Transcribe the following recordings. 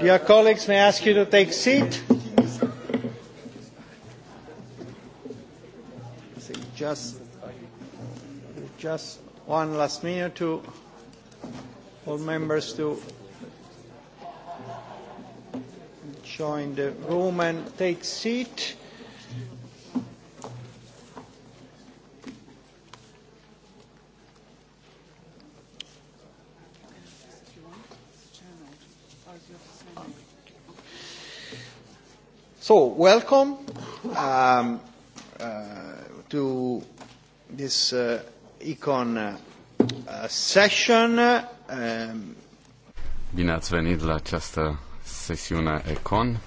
Dear colleagues, may I ask you to take seat? Just, just one last minute to all members to join the room and take seat. So, welcome um, uh, to this uh, Econ uh, session. Um... Bine ați venit la această sesiune Econ.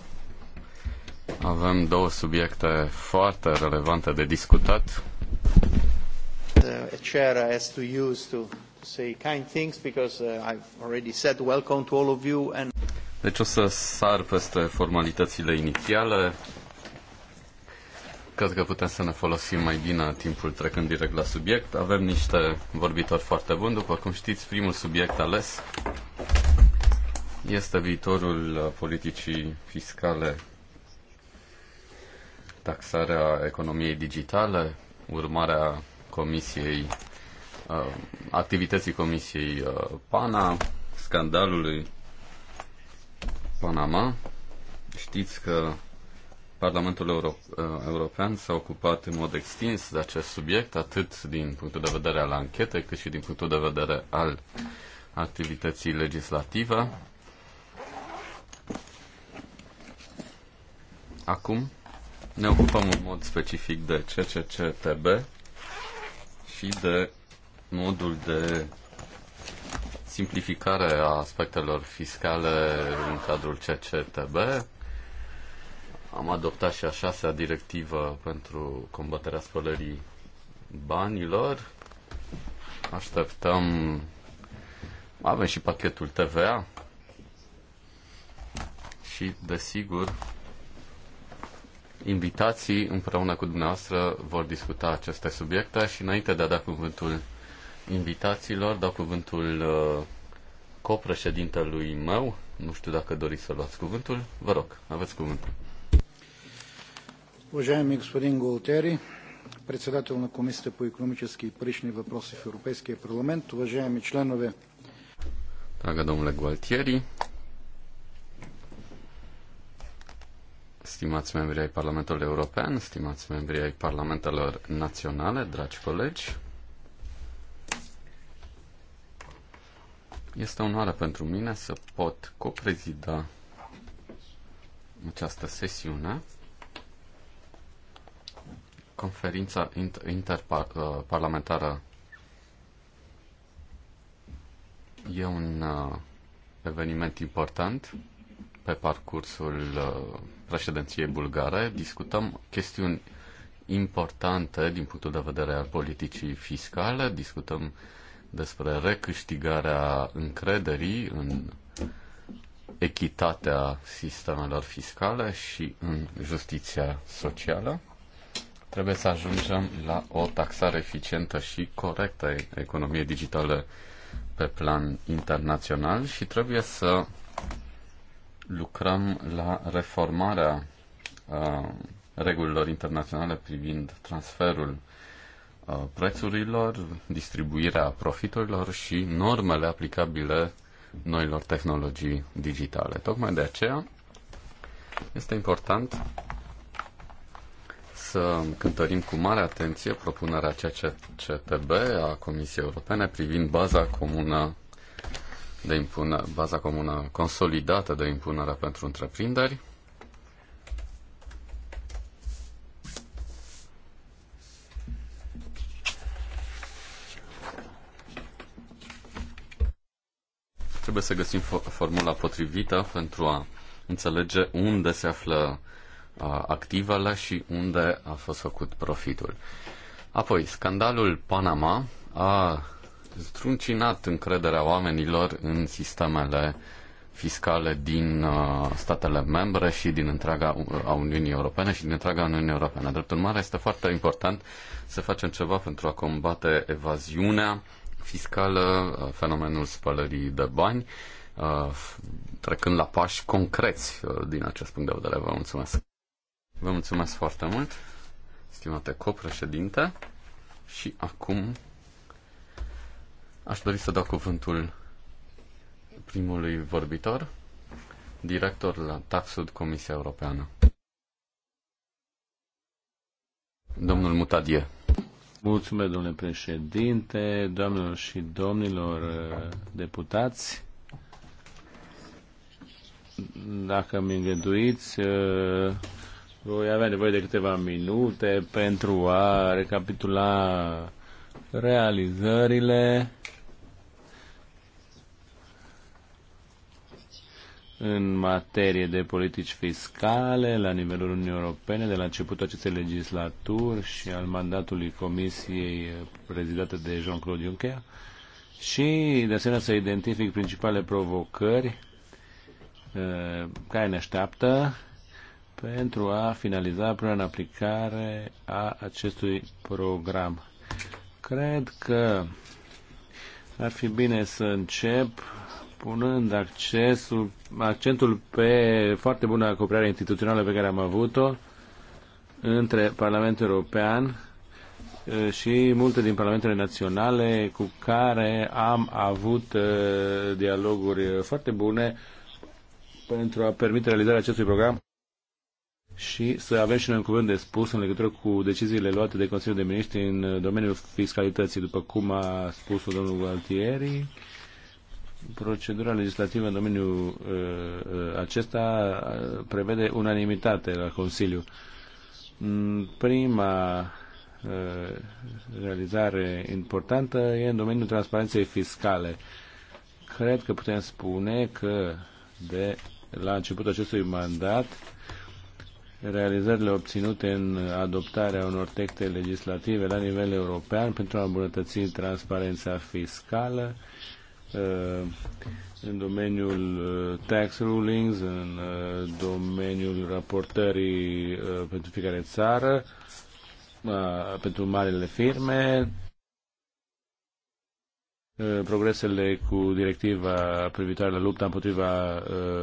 Avem două subiecte foarte relevante de discutat. The chair has to use to say kind things because uh, I've already said welcome to all of you and deci o să sar peste formalitățile inițiale. Cred că putem să ne folosim mai bine timpul trecând direct la subiect. Avem niște vorbitori foarte buni. După cum știți, primul subiect ales este viitorul politicii fiscale, taxarea economiei digitale, urmarea comisiei, uh, activității comisiei uh, PANA, scandalului Panama. Știți că Parlamentul Euro- uh, European s-a ocupat în mod extins de acest subiect, atât din punctul de vedere al anchetei, cât și din punctul de vedere al activității legislative. Acum ne ocupăm în mod specific de CCCTB și de modul de simplificare a aspectelor fiscale în cadrul CCTB. Am adoptat și a șasea directivă pentru combaterea spălării banilor. Așteptăm. Avem și pachetul TVA. Și, desigur, invitații împreună cu dumneavoastră vor discuta aceste subiecte și înainte de a da cuvântul invitațiilor. Dau cuvântul uh, copreședintelui meu. Nu știu dacă doriți să luați cuvântul. Vă rog, aveți cuvântul. Уважаемый господин Голтери, председател на Комисията по економически и парични въпроси в Европейския парламент, уважаеми членове. Дорога домле Голтери, stimați membri ai Parlamentului European, stimați membri ai Parlamentelor Naționale, dragi colegi, Este onoare pentru mine să pot coprezida această sesiune. Conferința interparlamentară uh, e un uh, eveniment important pe parcursul uh, președinției bulgare. Discutăm chestiuni importante din punctul de vedere al politicii fiscale, discutăm uh, despre recâștigarea încrederii în echitatea sistemelor fiscale și în justiția socială. Trebuie să ajungem la o taxare eficientă și corectă a economiei digitale pe plan internațional și trebuie să lucrăm la reformarea uh, regulilor internaționale privind transferul prețurilor, distribuirea profiturilor și normele aplicabile noilor tehnologii digitale. Tocmai de aceea este important să cântărim cu mare atenție propunerea CCTB a Comisiei Europene privind baza comună de impunere, baza comună consolidată de impunere pentru întreprinderi Trebuie să găsim formula potrivită pentru a înțelege unde se află activele și unde a fost făcut profitul. Apoi, scandalul Panama a struncinat încrederea oamenilor în sistemele fiscale din uh, statele membre și din întreaga a Uniunii Europene și din întreaga Uniunii Europene. Drept urmare, este foarte important să facem ceva pentru a combate evaziunea fiscală, uh, fenomenul spălării de bani, uh, trecând la pași concreți uh, din acest punct de vedere. Vă mulțumesc! Vă mulțumesc foarte mult, stimate copreședinte, și acum aș dori să dau cuvântul primului vorbitor, director la Taxud Comisia Europeană. Domnul Mutadie. Mulțumesc, domnule președinte, doamnelor și domnilor uh, deputați. Dacă mi îngăduiți, uh, voi avea nevoie de câteva minute pentru a recapitula realizările în materie de politici fiscale la nivelul Uniunii Europene de la începutul acestei legislaturi și al mandatului Comisiei prezidată de Jean-Claude Juncker și de asemenea să identific principale provocări eh, care ne așteaptă pentru a finaliza până în aplicare a acestui program. Cred că ar fi bine să încep punând accesul, accentul pe foarte bună acoperare instituțională pe care am avut-o între Parlamentul European și multe din parlamentele naționale cu care am avut dialoguri foarte bune pentru a permite realizarea acestui program și să avem și noi un cuvânt de spus în legătură cu deciziile luate de Consiliul de Ministri în domeniul fiscalității, după cum a spus domnul Gualtieri procedura legislativă în domeniul uh, uh, acesta uh, prevede unanimitate la Consiliu. Mm, prima realizare importantă e în domeniul transparenței fiscale. Cred că putem spune că de la începutul acestui mandat realizările obținute în adoptarea unor texte legislative la nivel european pentru a îmbunătăți transparența fiscală Uh, în domeniul uh, tax rulings, în uh, domeniul raportării pentru fiecare țară, pentru marile firme, progresele cu directiva privitoare la lupta împotriva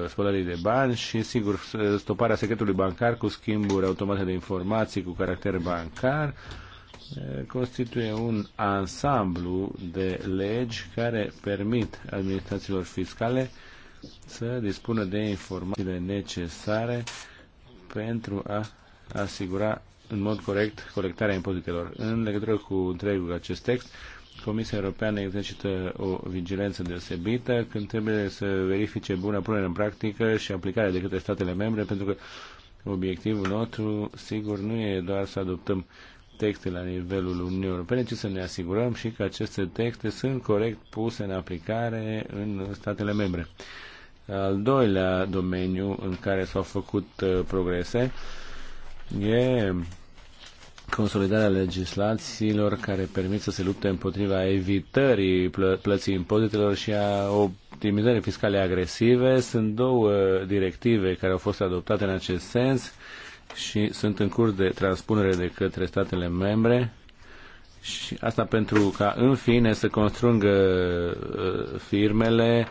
spălării de bani și, sigur, stoparea secretului bancar cu schimburi automate de informații cu caracter bancar, constituie un ansamblu de legi care permit administrațiilor fiscale să dispună de informațiile necesare pentru a asigura în mod corect colectarea impozitelor. În legătură cu întregul acest text, Comisia Europeană exercită o vigilență deosebită când trebuie să verifice bună punere în practică și aplicarea de către statele membre, pentru că obiectivul nostru, sigur, nu e doar să adoptăm uh, texte la nivelul Uniunii Europene, ci să ne asigurăm și că aceste texte sunt corect puse în aplicare în statele membre. Al doilea domeniu în care s-au făcut uh, progrese e consolidarea legislațiilor care permit să se lupte împotriva evitării plă- plății impozitelor și a optimizării fiscale agresive. Sunt două directive care au fost adoptate în acest sens. Uh, și sunt în curs de transpunere de către statele membre și asta pentru ca în fine să construngă uh, firmele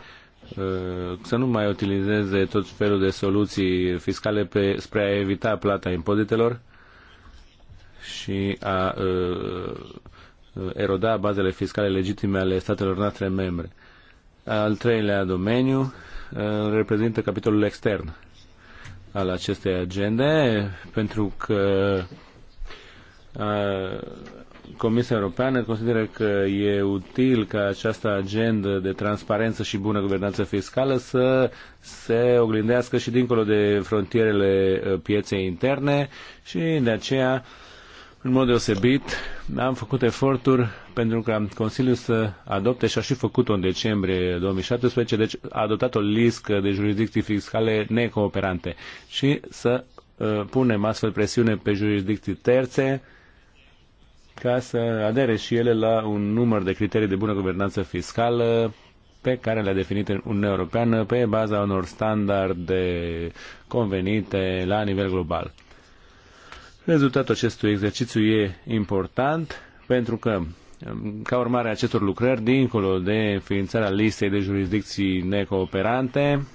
uh, să nu mai utilizeze tot felul de soluții fiscale pe, spre a evita plata impozitelor și a uh, eroda bazele fiscale legitime ale statelor noastre membre. Al treilea domeniu reprezintă capitolul extern al acestei agende, pentru că Comisia Europeană consideră că e util ca această agendă de transparență și bună guvernanță fiscală să se oglindească și dincolo de frontierele pieței interne și de aceea uh, în mod deosebit, am făcut eforturi pentru ca Consiliul să adopte și a și făcut-o în decembrie 2017, deci a adoptat o listă de jurisdicții fiscale necooperante și să uh, punem astfel presiune pe jurisdicții terțe ca să adere și ele la un număr de criterii de bună guvernanță fiscală pe care le-a definit în Uniunea Europeană pe baza unor standarde convenite la nivel global. Rezultatul acestui exercițiu e important pentru că um, ca urmare a acestor lucrări, dincolo de înființarea listei de jurisdicții necooperante,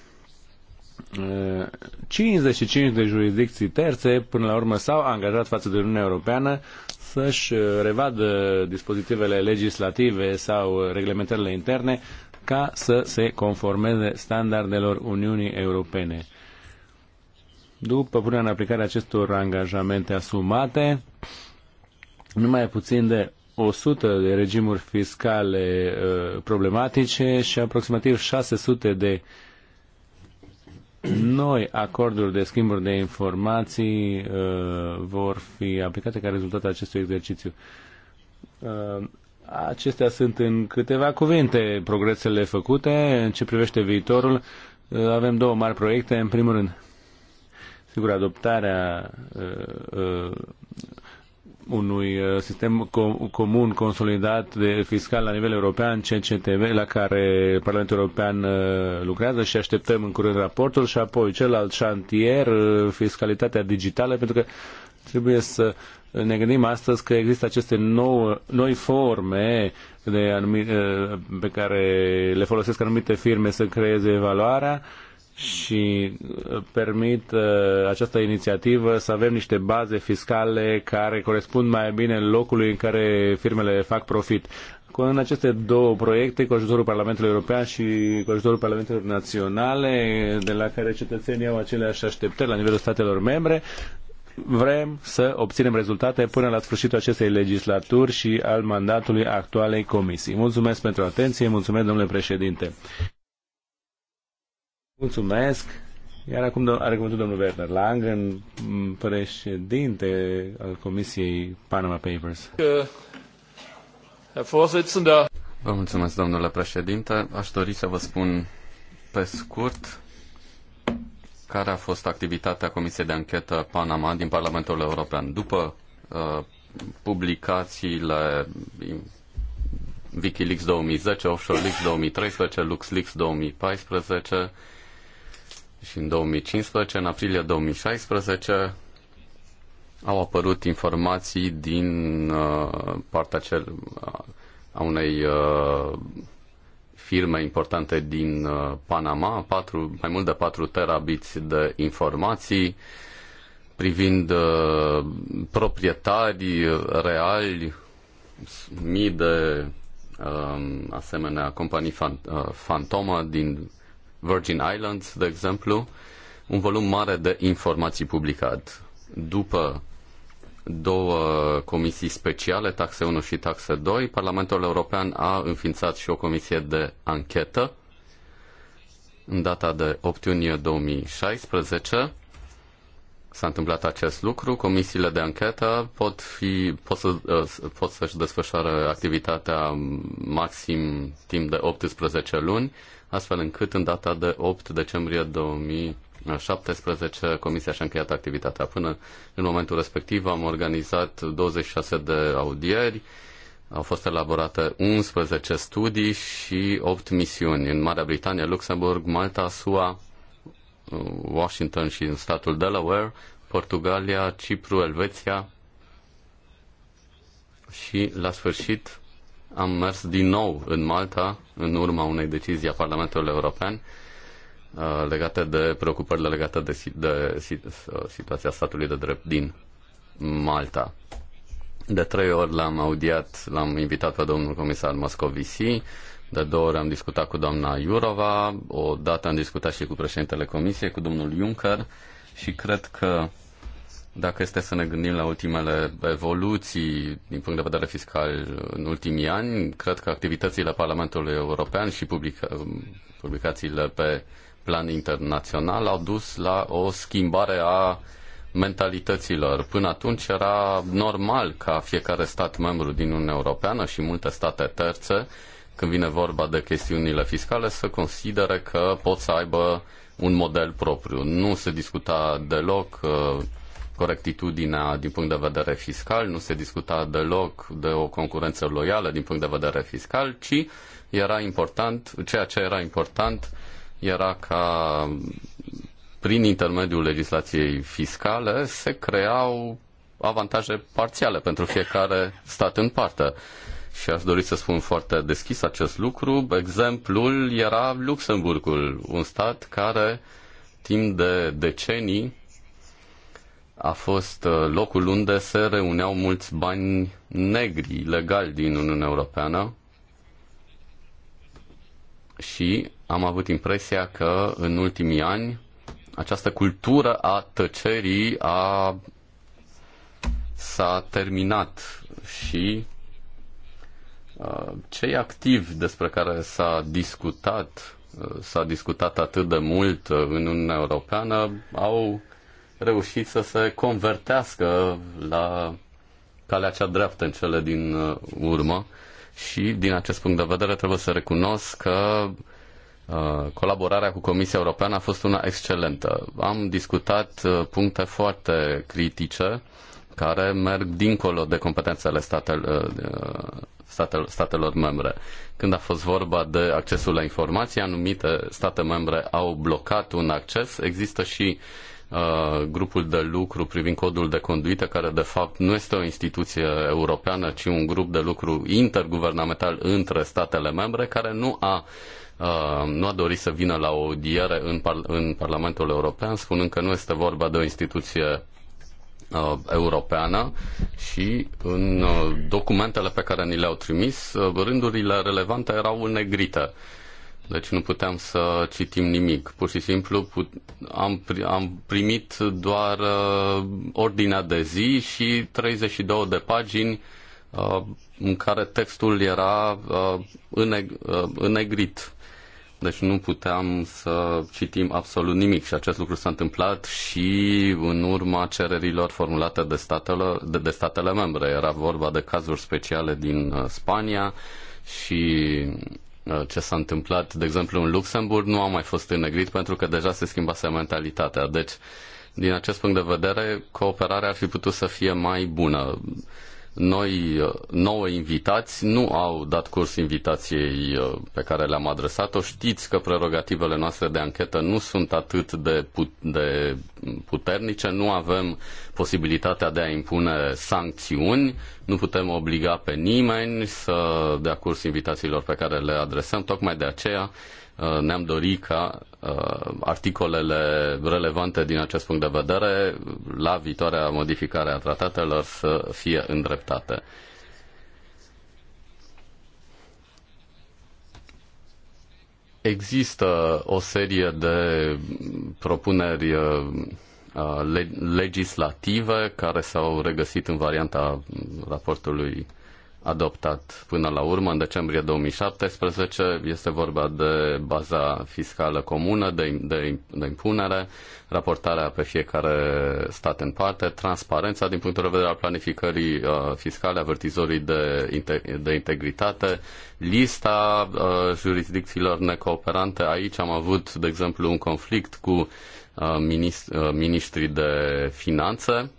55 uh, de jurisdicții terțe, până la urmă, s-au angajat față de Uniunea Europeană să-și uh, revadă dispozitivele legislative sau uh, reglementările interne ca să se conformeze standardelor Uniunii Europene după punerea în aplicare acestor angajamente asumate, numai puțin de 100 de regimuri fiscale uh, problematice și aproximativ 600 de noi acorduri de schimburi de informații uh, vor fi aplicate ca rezultat al acestui exercițiu. Uh, acestea sunt în câteva cuvinte progresele făcute în ce privește viitorul. Uh, avem două mari proiecte. În primul rând, Sigur, adoptarea uh, uh, unui uh, sistem comun consolidat de fiscal la nivel european, CCTV, la care Parlamentul European lucrează și așteptăm în curând raportul și apoi celălalt șantier, fiscalitatea digitală, pentru că trebuie să ne gândim astăzi că există aceste nou, noi forme de anumite, pe care le folosesc anumite firme să creeze valoarea și uh, permit uh, această inițiativă să avem niște baze fiscale care corespund mai bine locului în care firmele fac profit. În aceste două proiecte, cu ajutorul Parlamentului European și cu ajutorul Parlamentelor Naționale, de la care cetățenii au aceleași așteptări la nivelul statelor membre, vrem să obținem rezultate până la sfârșitul acestei legislaturi și al mandatului actualei comisii. Mulțumesc pentru atenție, mulțumesc domnule președinte. Mulțumesc. Iar acum are cuvântul domnul Werner Lang, în președinte al Comisiei Panama Papers. Uh, vă mulțumesc, domnule președinte. Aș dori să vă spun pe scurt care a fost activitatea Comisiei de Anchetă Panama din Parlamentul European. După uh, publicațiile Wikileaks 2010, Offshore Leaks 2013, LuxLeaks 2014, și în 2015, în aprilie 2016, au apărut informații din uh, partea cel, uh, a unei uh, firme importante din Panama, patru, mai mult de 4 terabiți de informații privind proprietari reali, mii de um, asemenea companii fantomă din Virgin Islands, de exemplu, un volum mare de informații publicat. După două comisii speciale, taxe 1 și taxe 2, Parlamentul European a înființat și o comisie de anchetă în data de 8 iunie 2016 s-a întâmplat acest lucru, comisiile de anchetă pot, fi, pot, să, uh, pot să-și desfășoare activitatea maxim timp de 18 luni astfel încât în data de 8 decembrie 2017 Comisia și-a încheiat activitatea. Până în momentul respectiv am organizat 26 de audieri, au fost elaborate 11 studii și 8 misiuni în Marea Britanie, Luxemburg, Malta, SUA, Washington și în statul Delaware, Portugalia, Cipru, Elveția și, la sfârșit, am mers din nou în Malta, în urma unei decizii a Parlamentului European, uh, legate de preocupările legate de, de uh, situația statului de drept din Malta. De trei ori l-am audiat, l-am invitat pe domnul comisar Moscovici, de două ori am discutat cu doamna Iurova, o dată am discutat și cu președintele comisiei, cu domnul Juncker și cred că dacă este să ne gândim la ultimele evoluții din punct de vedere fiscal în ultimii ani, cred că activitățile Parlamentului European și publica- publicațiile pe plan internațional au dus la o schimbare a mentalităților. Până atunci era normal ca fiecare stat membru din Uniunea Europeană și multe state terțe, când vine vorba de chestiunile fiscale, să considere că pot să aibă un model propriu. Nu se discuta deloc uh, corectitudinea din punct de vedere fiscal, nu se discuta deloc de o concurență loială din punct de vedere fiscal, ci era important, ceea ce era important era ca prin intermediul legislației fiscale se creau avantaje parțiale pentru fiecare stat în parte. Și aș dori să spun foarte deschis acest lucru. Exemplul era Luxemburgul, un stat care timp de decenii a fost uh, locul unde se reuneau mulți bani negri, legali din Uniunea Europeană și am avut impresia că în ultimii ani această cultură a tăcerii a, s-a terminat și uh, cei activi despre care s-a discutat, uh, s-a discutat atât de mult în Uniunea Europeană, au reușit să se convertească la calea cea dreaptă în cele din uh, urmă și din acest punct de vedere trebuie să recunosc că uh, colaborarea cu Comisia Europeană a fost una excelentă. Am discutat uh, puncte foarte critice care merg dincolo de competențele statelor, statel, statelor membre. Când a fost vorba de accesul la informații, anumite state membre au blocat un acces. Există și uh, Uh, grupul de lucru privind codul de conduită, care de fapt nu este o instituție europeană, ci un grup de lucru interguvernamental între statele membre, care nu a uh, nu a dorit să vină la o audiere în, par- în Parlamentul European, spunând că nu este vorba de o instituție uh, europeană și în uh, documentele pe care ni le-au trimis, uh, rândurile relevante erau negrite. Uh, deci nu putem să citim nimic. Pur și simplu put, am, am primit doar uh, ordinea de zi și 32 de pagini uh, în care textul era uh, uh, înegrit. Deci nu puteam să citim absolut nimic și acest lucru s-a întâmplat și în urma cererilor formulate de statele, de, de statele membre. Era vorba de cazuri speciale din uh, Spania și Uh, ce s-a întâmplat, de exemplu, în Luxemburg, nu a mai fost înnegrit pentru că deja se schimbase mentalitatea. Deci, din acest punct de vedere, cooperarea ar fi putut să fie mai bună noi, uh, nouă invitați nu au dat curs invitației uh, pe care le-am adresat-o. Știți că prerogativele noastre de anchetă nu sunt atât de, put- de puternice, nu avem posibilitatea de a impune sancțiuni, nu putem obliga pe nimeni să dea curs invitațiilor pe care le adresăm. Tocmai de aceea Uh, ne-am dorit ca uh, articolele relevante din acest punct de vedere la viitoarea modificare a tratatelor să fie îndreptate. Există o serie de propuneri uh, legislative care s-au regăsit în varianta raportului adoptat până la urmă, în decembrie 2017. Este vorba de baza fiscală comună, de, de, de impunere, raportarea pe fiecare stat în parte, transparența din punctul de vedere al planificării uh, fiscale, avertizorii de, de integritate, lista uh, jurisdicțiilor necooperante. Aici am avut, de exemplu, un conflict cu uh, minist- uh, ministrii de finanțe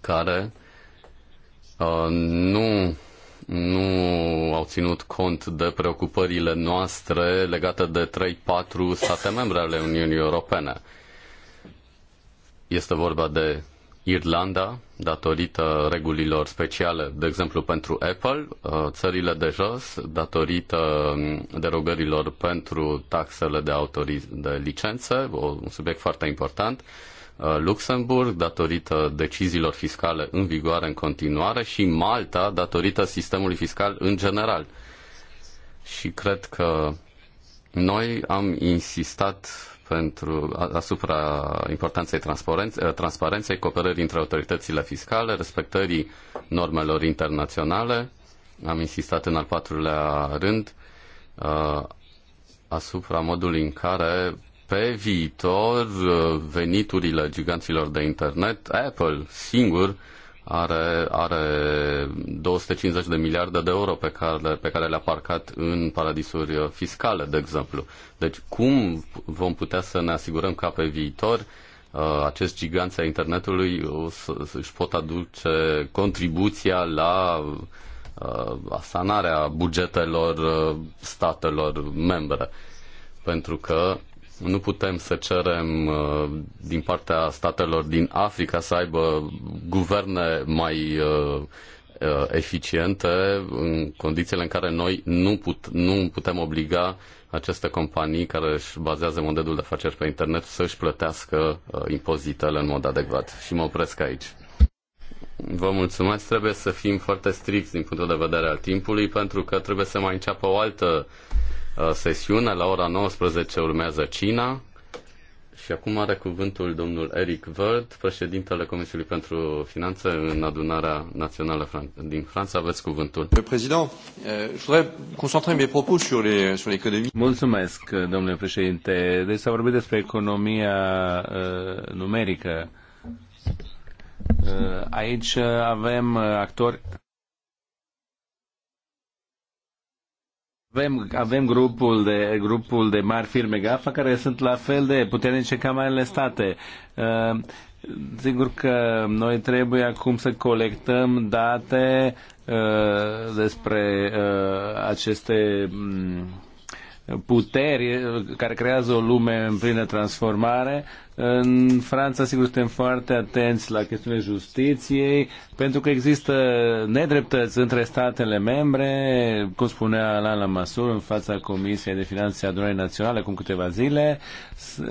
care Uh, nu nu au ținut cont de preocupările noastre legate de 3-4 state membre ale Uniunii Europene. Este vorba de Irlanda, datorită regulilor speciale, de exemplu pentru Apple, uh, țările de jos, datorită um, derogărilor pentru taxele de, autoriz- de licențe, un subiect foarte important, Uh, Luxemburg datorită deciziilor fiscale în vigoare în continuare și Malta datorită sistemului fiscal în general. Și cred că noi am insistat pentru, asupra importanței uh, transparenței, cooperării între autoritățile fiscale, respectării normelor internaționale. Am insistat în al patrulea rând uh, asupra modului în care pe viitor uh, veniturile giganților de internet, Apple singur are, are 250 de miliarde de euro pe care, pe care le-a parcat în paradisuri fiscale, de exemplu. Deci cum vom putea să ne asigurăm ca pe viitor uh, acest giganți a internetului își pot aduce contribuția la uh, asanarea bugetelor statelor membre. Pentru că nu putem să cerem uh, din partea statelor din Africa să aibă guverne mai uh, uh, eficiente în condițiile în care noi nu, put, nu putem obliga aceste companii care își bazează modelul de afaceri pe internet să își plătească impozitele în mod adecvat. Și mă opresc aici. Vă mulțumesc. Trebuie să fim foarte stricți din punctul de vedere al timpului, pentru că trebuie să mai înceapă o altă Uh, sesiune. La ora 19 urmează cina. Și acum are cuvântul domnul Eric Verd, președintele Comisiei pentru Finanțe în adunarea națională din Franța. Aveți cuvântul. Euh, Mulțumesc, domnule președinte. Deci s-a vorbit despre economia uh, numerică. Uh, aici avem actori Avem, avem grupul, de, grupul de mari firme GAFA care sunt la fel de puternice ca marile state. Uh, Sigur că noi trebuie acum să colectăm date uh, despre uh, aceste um, puteri care creează o lume în plină transformare în Franța, sigur, suntem foarte atenți la chestiunea justiției, pentru că există nedreptăți între statele membre, cum spunea Alain Lamassur în fața Comisiei de Finanțe Adunării Naționale acum câteva zile, uh,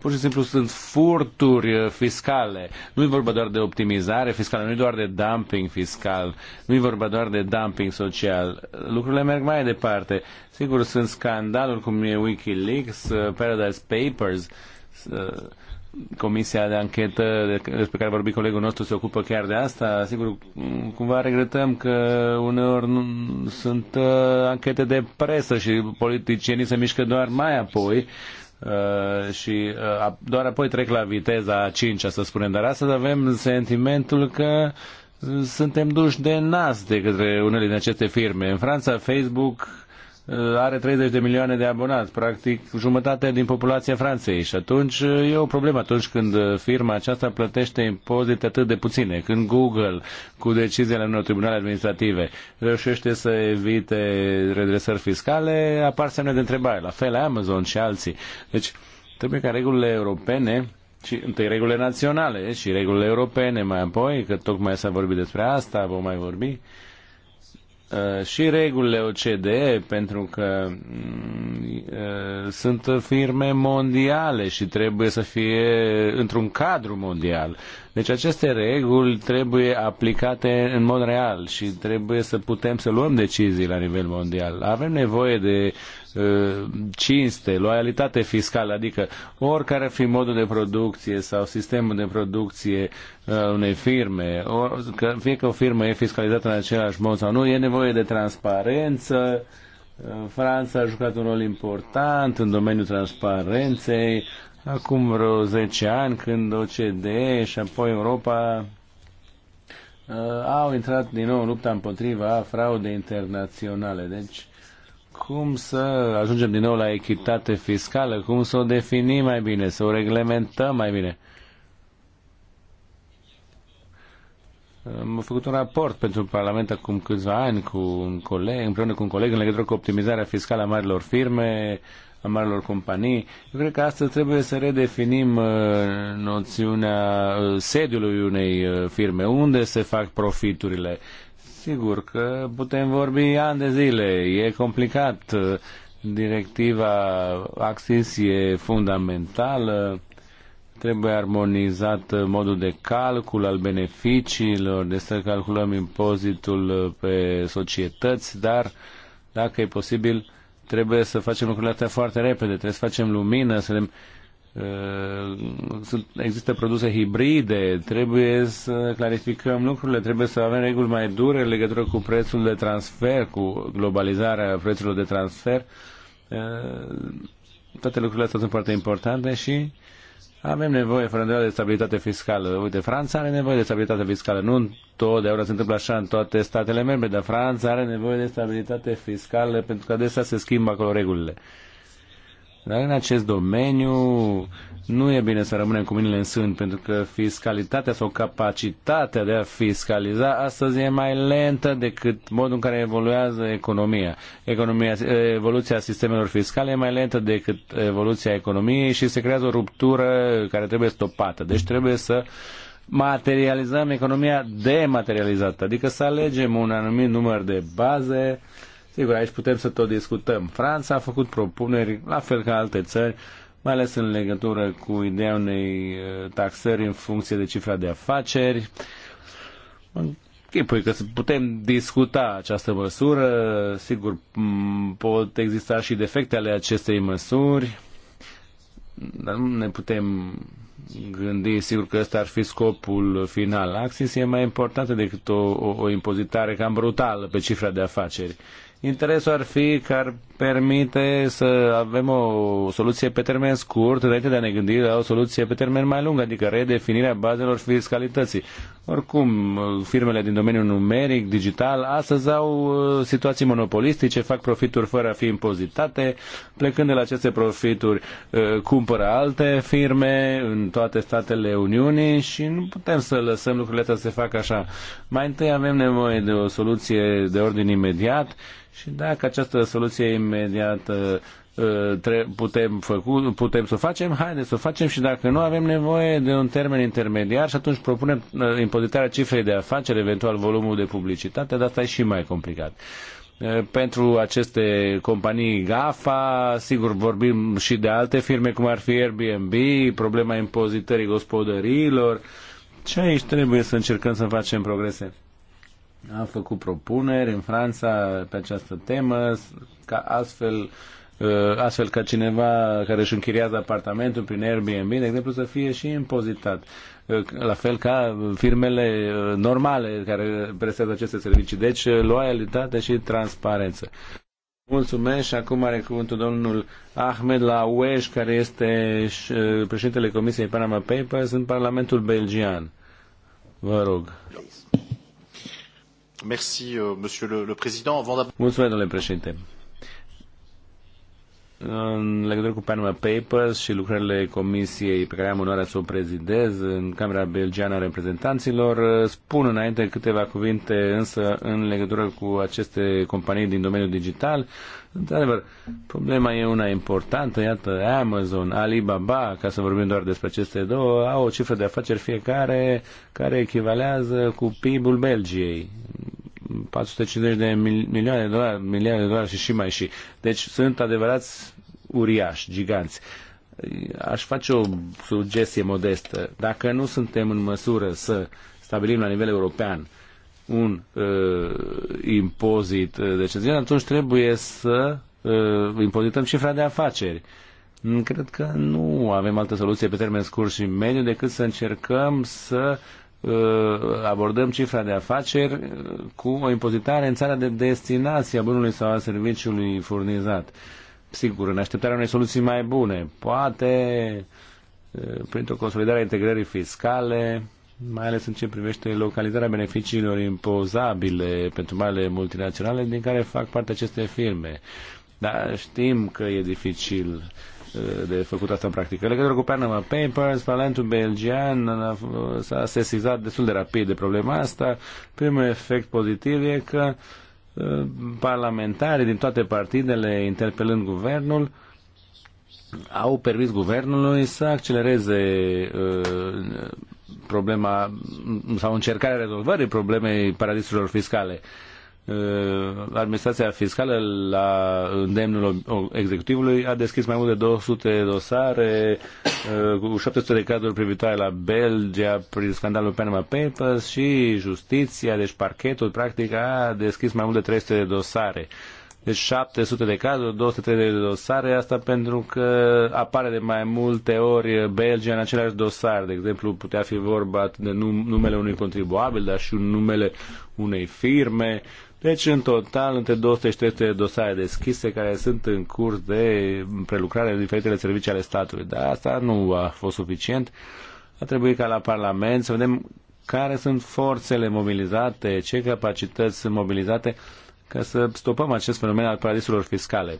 pur și simplu sunt furturi fiscale. Nu e vorba doar de optimizare fiscală, nu e doar de dumping fiscal, nu e vorba doar de dumping social. Lucrurile merg mai departe. Sigur, sunt scandaluri cum e Wikileaks, uh, Paradise Papers, comisia de anchetă despre care vorbi colegul nostru se ocupă chiar de asta. Sigur, cumva regretăm că uneori nu, sunt uh, anchete de presă și politicienii se mișcă doar mai apoi uh, și uh, doar apoi trec la viteza 5 să spunem. Dar astăzi avem sentimentul că suntem duși de nas de către unele din aceste firme. În Franța, Facebook Uh, are 30 de milioane de abonați, practic jumătate din populația Franței și atunci uh, e o problemă atunci când uh, firma aceasta plătește impozite atât de puține, când Google cu deciziile unor tribunale administrative reușește să evite redresări fiscale, apar semne de întrebare, la fel Amazon și alții. Deci trebuie ca regulile europene și întâi regulile naționale și regulile europene mai apoi, că tocmai s-a vorbit despre asta, vom mai vorbi, uh, Uh, și regulile OCDE, pentru că mm, uh, sunt firme mondiale și trebuie să fie într-un cadru mondial. Deci aceste reguli trebuie aplicate în mod real și trebuie să putem să luăm decizii la nivel mondial. Avem nevoie de uh, cinste, loialitate fiscală, adică oricare ar fi modul de producție sau sistemul de producție al uh, unei firme, or, că, fie că o firmă e fiscalizată în același mod sau nu, e nevoie de transparență. Uh, Franța a jucat un rol important în domeniul transparenței, acum vreo 10 ani, când OCD și apoi Europa uh, au intrat din nou în lupta împotriva fraudei internaționale. Deci, cum să ajungem din nou la echitate fiscală? Cum să o definim mai bine? Să o reglementăm mai bine? Am făcut un raport pentru Parlament acum câțiva ani cu un coleg, împreună cu un coleg în legătură cu optimizarea fiscală a marilor firme, a marilor companii. Eu cred că astăzi trebuie să redefinim uh, noțiunea uh, sediului unei uh, firme, unde se fac profiturile. Sigur că putem vorbi ani de zile, e complicat. Directiva Axis e fundamentală, trebuie armonizat modul de calcul al beneficiilor, de să calculăm impozitul pe societăți, dar dacă e posibil trebuie să facem lucrurile astea foarte repede, trebuie să facem lumină, să le, uh, există produse hibride, trebuie să clarificăm lucrurile, trebuie să avem reguli mai dure în legătură cu prețul de transfer, cu globalizarea prețurilor de transfer. Uh, toate lucrurile astea sunt foarte importante și avem nevoie, fără îndoială, de stabilitate fiscală. Uite, Franța are nevoie de stabilitate fiscală. Nu întotdeauna se întâmplă așa în toate statele membre, dar Franța are nevoie de stabilitate fiscală pentru că adesea se schimbă acolo regulile. Uh, dar în acest domeniu nu e bine să rămânem cu mâinile în sân, pentru că fiscalitatea sau capacitatea de a fiscaliza astăzi e mai lentă decât modul în care evoluează economia. economia evoluția sistemelor fiscale e mai lentă decât evoluția economiei și se creează o ruptură care trebuie stopată. Deci trebuie să materializăm economia dematerializată, adică să alegem un anumit număr de baze Sigur, aici putem să tot discutăm. Franța a făcut propuneri, la fel ca alte țări, mai ales în legătură cu ideea unei uh, taxări în funcție de cifra de afaceri. Închipui că putem discuta această măsură, sigur pot exista și defecte ale acestei măsuri, dar nu ne putem gândi, sigur că ăsta ar fi scopul final. Axis e mai importantă decât o, o, o impozitare cam brutală pe cifra de afaceri. Uh, Interesul ar fi că ar permite să avem o soluție pe termen scurt înainte de a ne gândi la o soluție pe termen mai lung, adică redefinirea bazelor fiscalității. Oricum, firmele din domeniul numeric, digital, astăzi au uh, situații monopolistice, fac profituri fără a fi impozitate, plecând de la aceste profituri uh, cumpără alte firme în toate statele Uniunii și nu putem să lăsăm lucrurile astea să se facă așa. Mai întâi avem nevoie de o soluție de ordin imediat și dacă această soluție imediată uh, putem, făcu, putem să o facem, haideți să o facem și dacă nu avem nevoie de un termen intermediar și atunci propunem uh, impozitarea cifrei de afaceri, eventual volumul de publicitate, dar asta e și mai complicat. Uh, pentru aceste companii GAFA, sigur vorbim și de alte firme cum ar fi Airbnb, problema impozitării gospodărilor, uh, și deci aici trebuie să încercăm să facem progrese. Am făcut propuneri în Franța pe această temă, ca astfel uh, astfel ca cineva care își închiriază apartamentul prin Airbnb, de exemplu, să fie și impozitat. Uh, la fel ca firmele uh, normale care prestează aceste servicii. Deci, loialitate și transparență. Mulțumesc și acum are cuvântul domnul Ahmed Laueș, care este președintele Comisiei Panama Papers în Parlamentul Belgian. Vă rog. Euh, Mulțumesc, domnule președinte în legătură cu Panama Papers și lucrările comisiei pe care am onoarea să o prezidez în Camera Belgiană a Reprezentanților. Spun înainte câteva cuvinte însă în legătură cu aceste companii din domeniul digital. Într-adevăr, problema e una importantă. Iată, Amazon, Alibaba, ca să vorbim doar despre aceste două, au o cifră de afaceri fiecare care echivalează cu PIB-ul Belgiei 450 de milioane de dolari, miliarde de dolari și și mai și. Deci sunt adevărați uriași, giganți. Aș face o sugestie modestă. Dacă nu suntem în măsură să stabilim la nivel european un uh, impozit uh, de cetățenie, atunci trebuie să uh, impozităm cifra de afaceri. Cred că nu avem altă soluție pe termen scurt și mediu decât să încercăm să Uh, abordăm cifra de afaceri uh, cu o impozitare în țara de destinație a bunului sau a serviciului furnizat. Sigur, în așteptarea unei soluții mai bune, poate uh, printr-o consolidare a integrării fiscale, mai ales în ce privește localizarea beneficiilor impozabile pentru marele multinaționale din care fac parte aceste firme. Dar știm că e dificil de făcut asta în practică. legătură cu Panama Papers, Valentul belgian s-a sesizat destul de rapid de problema asta. Primul efect pozitiv e că uh, parlamentarii din toate partidele, interpelând guvernul, au permis guvernului să accelereze uh, problema sau încercarea rezolvării problemei paradisurilor fiscale. Uh, Uh, administrația fiscală la îndemnul executivului a deschis mai mult de 200 dosare uh, cu 700 de cazuri privitoare la Belgia prin scandalul Panama Papers și justiția, deci parchetul practic a deschis mai mult de 300 de dosare. Deci 700 de cazuri, 230 de dosare, asta pentru că apare de mai multe ori Belgia în același dosar. De exemplu, putea fi vorba de numele unui contribuabil, dar și numele unei firme deci, în total, între 200 și 300 de dosare deschise care sunt în curs de prelucrare în diferitele servicii ale statului. Dar asta nu a fost suficient. A trebuit ca la Parlament să vedem care sunt forțele mobilizate, ce capacități sunt mobilizate ca să stopăm acest fenomen al paradisurilor fiscale.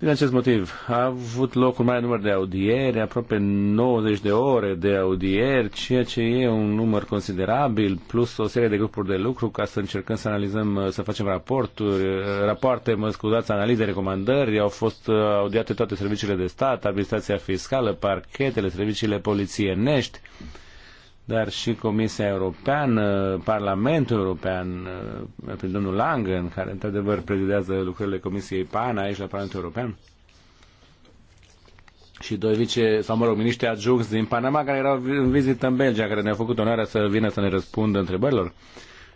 Din acest motiv a avut loc un mare număr de audieri, aproape 90 de ore de audieri, ceea ce e un număr considerabil, plus o serie de grupuri de lucru ca să încercăm să analizăm, să facem raporturi, rapoarte, mă scuzați, analize, recomandări, au fost uh, audiate toate serviciile de stat, administrația fiscală, parchetele, serviciile polițienești, dar și Comisia Europeană, Parlamentul European, eh, prin domnul Langen, care într-adevăr prezidează lucrările Comisiei PAN aici la Parlamentul European, și doi vice, sau mă rog, miniștri adjuncți din Panama care erau în vizită în Belgia, care ne-au făcut onoarea să vină să ne răspundă întrebărilor.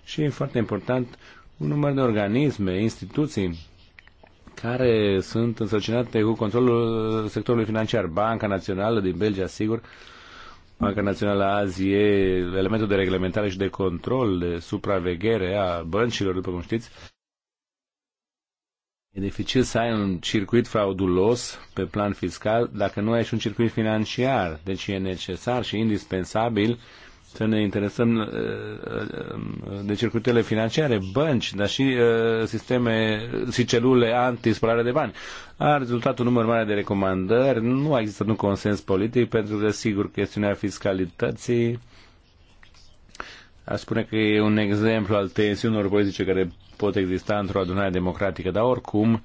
Și e foarte important, un număr de organisme, instituții care sunt însărcinate cu controlul sectorului financiar, Banca Națională din Belgia, sigur, uh, Banca Națională azi e elementul de reglementare și de control, de supraveghere a băncilor, după cum știți. E dificil să ai un circuit fraudulos pe plan fiscal dacă nu ai și un circuit financiar. Deci e necesar și indispensabil să ne interesăm uh, uh, de circuitele financiare, bănci, dar și uh, sisteme și celule antispălare de bani. A rezultat un număr mare de recomandări, nu a existat un consens politic pentru că, sigur, chestiunea fiscalității aș spune că e un exemplu al tensiunilor politice care pot exista într-o adunare democratică, dar oricum uh,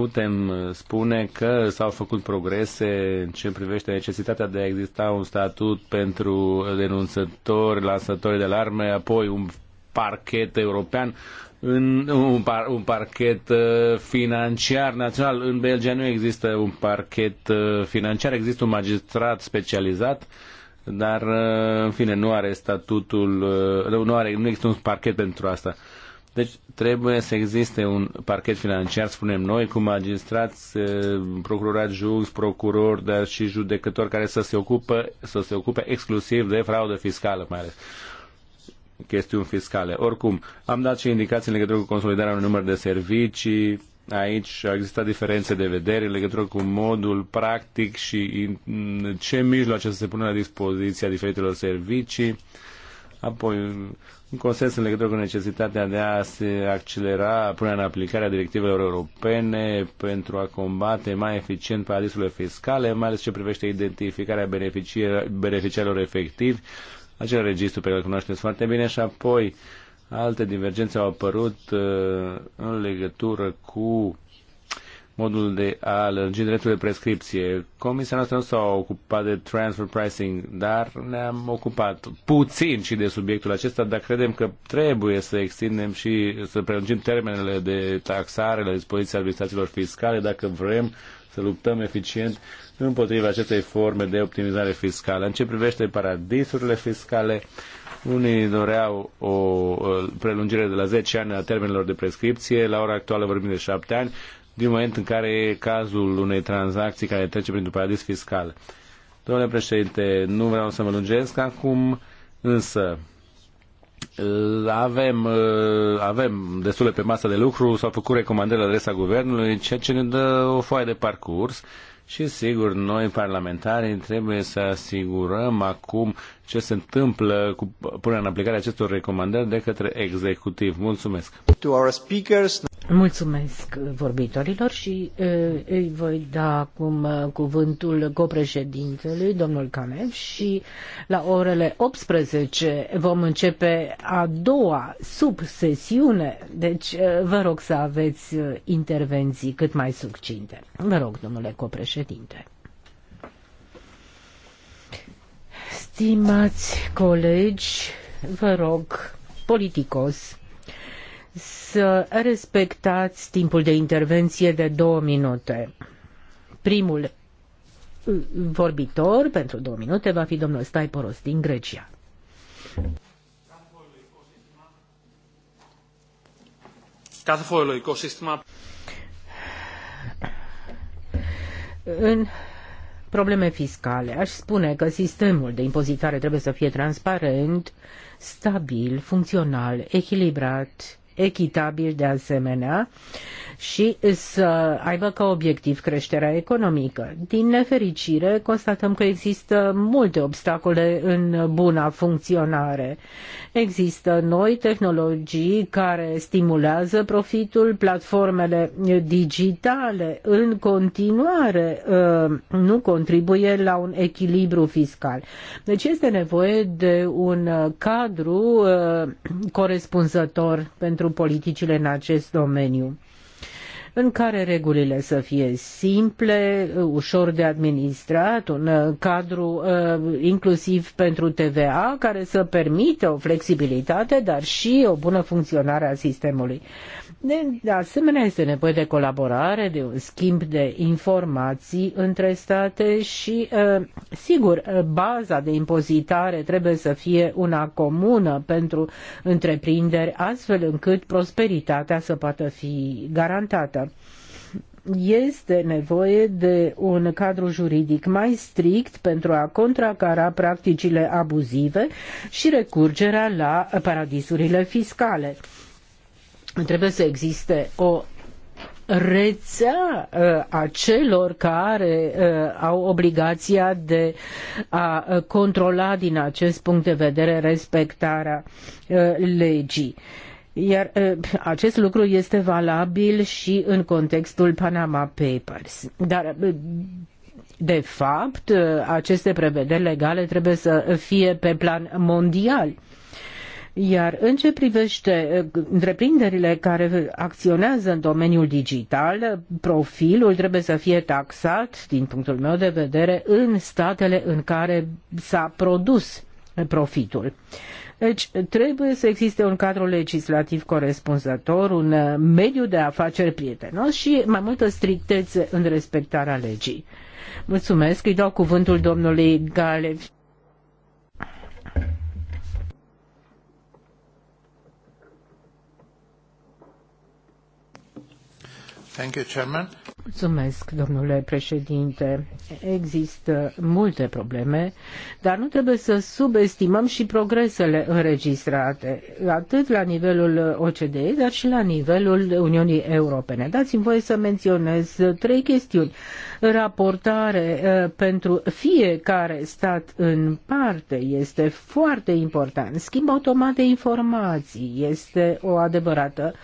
putem uh, spune că s-au făcut progrese în ce privește necesitatea de a exista un statut pentru denunțători, lansători de alarme, apoi un parchet european, în un, par, un parchet uh, financiar național. În Belgia nu există un parchet uh, financiar, există un magistrat specializat dar în fine nu are statutul, nu, are, nu există un parchet pentru asta. Deci trebuie să existe un parchet financiar, spunem noi, cu magistrați, eh, procuror adjunct, procurori, dar și judecători care să se, ocupă, să se ocupe exclusiv de fraudă fiscală, mai ales chestiuni fiscale. Oricum, am dat și indicații în legătură cu consolidarea unui număr de servicii, aici au existat diferențe de vedere în legătură cu modul practic și ce mijloace să se pună la dispoziția diferitelor servicii. Apoi, un consens în legătură cu necesitatea de a se accelera punerea în aplicare a directivelor europene pentru a combate mai eficient paradisurile fiscale, mai ales ce privește identificarea beneficiarilor efectivi, acel registru pe care îl cunoașteți foarte bine și apoi alte divergențe au apărut uh, în legătură cu modul de a lărgi dreptul de prescripție. Comisia noastră nu s-a ocupat de transfer pricing, dar ne-am ocupat puțin și de subiectul acesta, dar credem că trebuie să extindem și să prelungim termenele de taxare la dispoziția administrațiilor fiscale dacă vrem să luptăm eficient împotriva acestei forme de optimizare fiscală. În ce privește paradisurile fiscale, unii doreau o uh, prelungire de la 10 ani a termenelor de prescripție, la ora actuală vorbim de 7 ani, din moment în care e cazul unei tranzacții care trece printr-un paradis fiscal. Domnule președinte, nu vreau să mă lungesc acum, însă avem, avem destule pe masă de lucru, s-au făcut recomandări la adresa guvernului, ceea ce ne dă o foaie de parcurs și sigur noi parlamentarii trebuie să asigurăm acum ce se întâmplă cu punerea în aplicare acestor recomandări de către executiv. Mulțumesc! To our speakers. Mulțumesc vorbitorilor și uh, îi voi da acum uh, cuvântul copreședintelui, domnul Canev, și la orele 18 vom începe a doua subsesiune, deci uh, vă rog să aveți intervenții cât mai succinte. Vă rog, domnule copreședinte. Stimați colegi, vă rog, politicos, să respectați timpul de intervenție de două minute. Primul vorbitor pentru două minute va fi domnul Staiporos din Grecia. În probleme fiscale. Aș spune că sistemul de impozitare trebuie să fie transparent, stabil, funcțional, echilibrat echitabil de asemenea și să aibă ca obiectiv creșterea economică. Din nefericire, constatăm că există multe obstacole în buna funcționare. Există noi tehnologii care stimulează profitul, platformele digitale în continuare uh, nu contribuie la un echilibru fiscal. Deci este nevoie de un cadru uh, corespunzător pentru pentru politicile în acest domeniu în care regulile să fie simple, ușor de administrat, un uh, cadru uh, inclusiv pentru TVA care să permită o flexibilitate, dar și o bună funcționare a sistemului. De, de asemenea, este nevoie de colaborare, de un schimb de informații între state și, uh, sigur, uh, baza de impozitare trebuie să fie una comună pentru întreprinderi, astfel încât prosperitatea să poată fi garantată este nevoie de un cadru juridic mai strict pentru a contracara practicile abuzive și recurgerea la paradisurile fiscale trebuie să existe o rețea uh, a celor care uh, au obligația de a controla din acest punct de vedere respectarea uh, legii. Iar acest lucru este valabil și în contextul Panama Papers. Dar de fapt, aceste prevederi legale trebuie să fie pe plan mondial. Iar în ce privește eh, întreprinderile care acționează în domeniul digital, profilul trebuie să fie taxat, din punctul meu de vedere, în statele în care s-a produs profitul. Deci trebuie să existe un cadru legislativ corespunzător, un eh, mediu de afaceri prietenos și mai multă strictețe în respectarea legii. Mulțumesc, îi dau cuvântul domnului Galevi. domnule președinte. Există multe probleme, dar nu trebuie să subestimăm și progresele înregistrate, atât la nivelul OCDE, dar și la nivelul Uniunii Europene. Dați-mi voie să menționez trei chestiuni. Raportare eh, pentru fiecare stat în parte este foarte important. Schimb automat de informații este o adevărată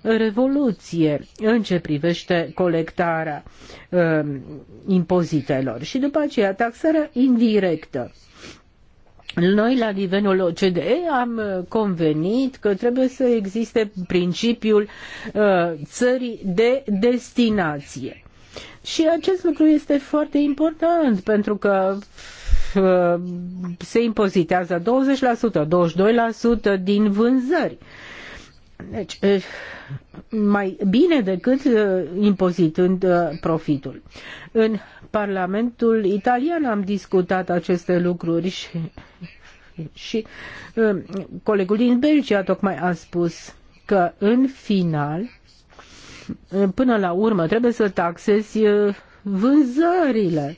revoluție în ce privește colectarea uh, impozitelor și după aceea taxarea indirectă. Noi, la nivelul OCDE, am uh, convenit că trebuie să existe principiul uh, țării de destinație. Și acest lucru este foarte important pentru că uh, se impozitează 20%, 22% din vânzări. Uh, deci, eh, mai bine decât eh, impozitând eh, profitul. În Parlamentul italian am discutat aceste lucruri și, și colegul din Belgia tocmai a spus că în final, până la urmă, trebuie să taxezi vânzările.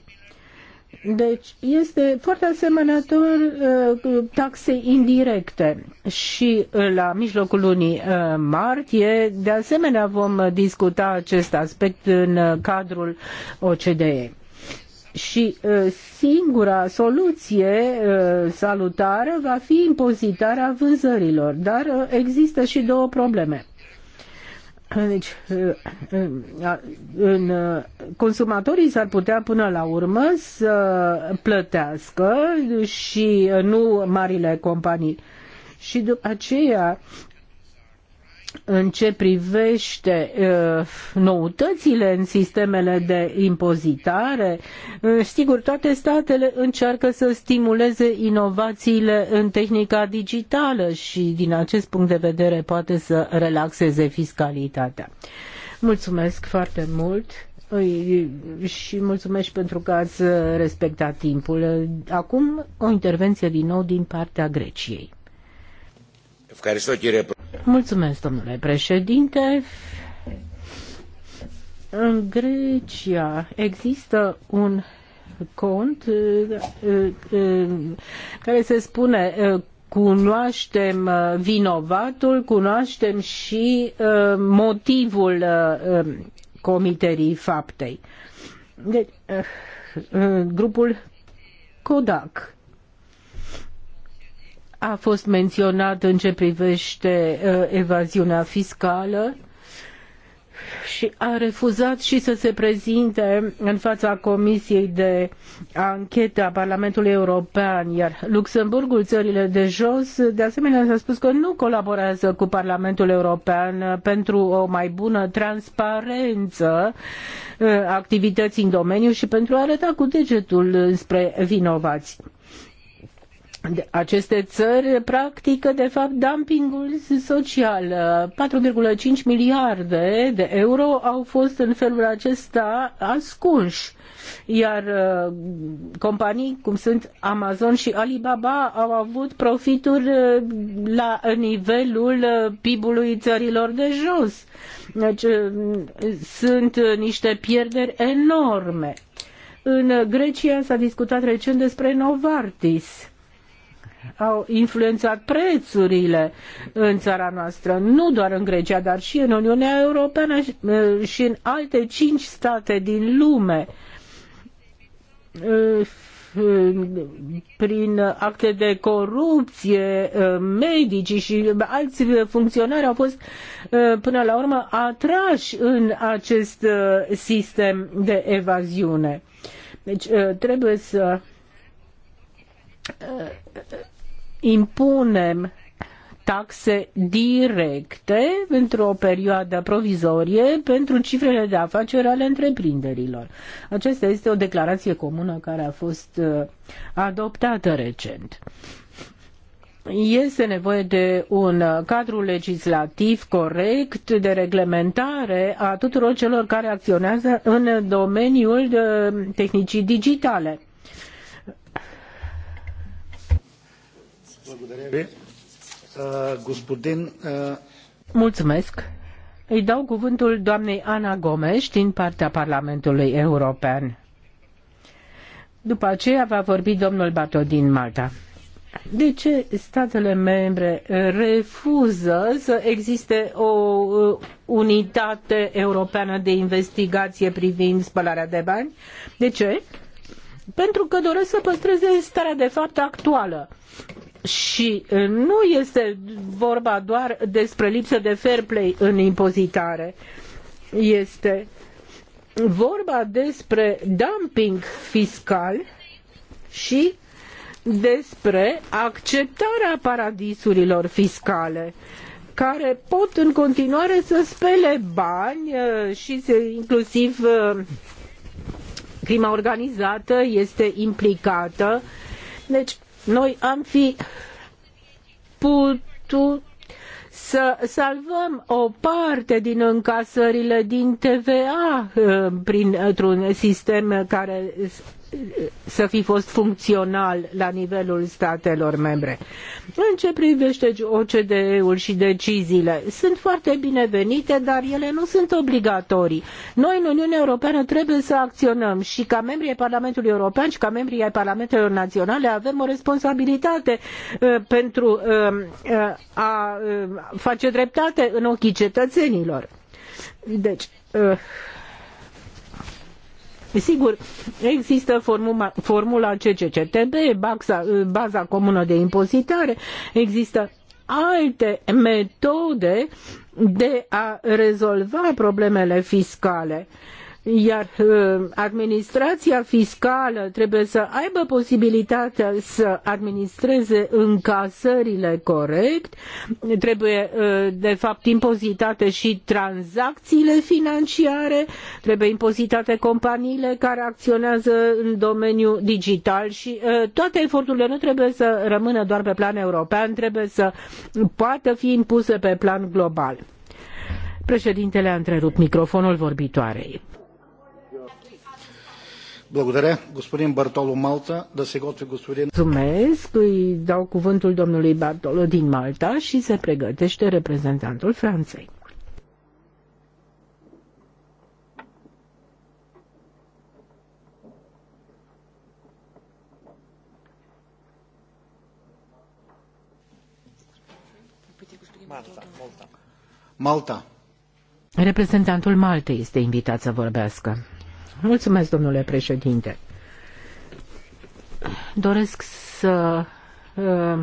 Deci este foarte asemănător uh, taxe indirecte și uh, la mijlocul lunii uh, martie de asemenea vom uh, discuta acest aspect în uh, cadrul OCDE. Și uh, singura soluție salutară va fi impozitarea vânzărilor, dar există și două probleme. Deci, uh, uh, în uh, consumatorii s-ar putea până la urmă să plătească și nu marile companii. Și după aceea în ce privește uh, noutățile în sistemele de impozitare, uh, sigur, toate statele încearcă să stimuleze inovațiile în tehnica digitală și din acest punct de vedere poate să relaxeze fiscalitatea. Mulțumesc foarte mult și mulțumesc pentru că ați respectat timpul. Acum o intervenție din nou din partea Greciei. Mulțumesc, domnule președinte. În Grecia există un cont uh, uh, uh, care se spune cunoaștem vinovatul, cunoaștem și motivul comiterii faptei. Deci, grupul Kodak a fost menționat în ce privește uh, evaziunea fiscală și a refuzat și să se prezinte în fața Comisiei de Anchetă a Parlamentului European, iar Luxemburgul, țările de jos, de asemenea s-a spus că nu colaborează cu Parlamentul European pentru o mai bună transparență uh, activității în domeniu și pentru a arăta cu degetul spre vinovați aceste țări practică, de fapt, dumpingul social. 4,5 miliarde de euro au fost în felul acesta ascunși. Iar uh, companii cum sunt Amazon și Alibaba au avut profituri uh, la nivelul uh, PIB-ului țărilor de jos. Deci sunt niște pierderi enorme. În Grecia s-a discutat recent despre Novartis au influențat prețurile în țara noastră, nu doar în Grecia, dar și în Uniunea Europeană și în alte cinci state din lume prin acte de corupție, medicii și alți funcționari au fost până la urmă atrași în acest sistem de evaziune. Deci trebuie să impunem taxe directe într-o perioadă provizorie pentru cifrele de afaceri ale întreprinderilor. Aceasta este o declarație comună care a fost uh, adoptată recent. Este nevoie de un uh, cadru legislativ corect de reglementare a tuturor celor care acționează în domeniul uh, tehnicii digitale Mulțumesc. Îi dau cuvântul doamnei Ana Gomes din partea Parlamentului European. După aceea va vorbi domnul Bato din Malta. De ce statele membre refuză să existe o uh, unitate europeană de investigație privind spălarea de bani? De ce? Pentru că doresc să păstreze starea de fapt actuală și nu este vorba doar despre lipsă de fair play în impozitare. Este vorba despre dumping fiscal și despre acceptarea paradisurilor fiscale care pot în continuare să spele bani și se, inclusiv crima organizată este implicată. Deci noi am fi putut să salvăm o parte din încasările din TVA eh, printr-un sistem care să fi fost funcțional la nivelul statelor membre. În ce privește OCDE-ul și deciziile, sunt foarte binevenite, dar ele nu sunt obligatorii. Noi în Uniunea Europeană trebuie să acționăm și ca membri ai Parlamentului European și ca membri ai Parlamentelor Naționale avem o responsabilitate uh, pentru uh, uh, a face dreptate în ochii cetățenilor. Deci, Sigur, există formula, formula CCCTB, baza, baza comună de impozitare, există alte metode de a rezolva problemele fiscale. Uh, iar uh, administrația fiscală trebuie să aibă posibilitatea să administreze încasările corect, trebuie uh, de fapt impozitate și tranzacțiile financiare, trebuie impozitate companiile care acționează în domeniul digital și uh, toate eforturile nu trebuie să rămână doar pe plan european, trebuie să poată fi impuse pe plan global. Președintele a întrerupt microfonul vorbitoarei. Благодаря. Господин Бартоло Малта, да готви господин... Mulțumesc, îi dau cuvântul domnului Bartolo din Malta și se pregătește reprezentantul Franței. Malta, Malta. Malta. Reprezentantul Maltei este invitat să vorbească. Mulțumesc, domnule președinte. Doresc să uh,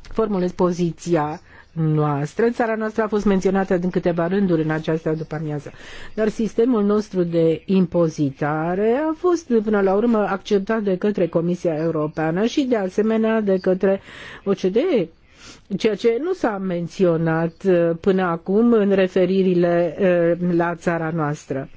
formulez poziția noastră. Țara noastră a fost menționată din câteva rânduri în această după amiază. Dar sistemul nostru de impozitare a fost până la urmă acceptat de către Comisia Europeană și de asemenea de către OCDE, ceea ce nu s-a menționat uh, până acum în referirile uh, la țara noastră.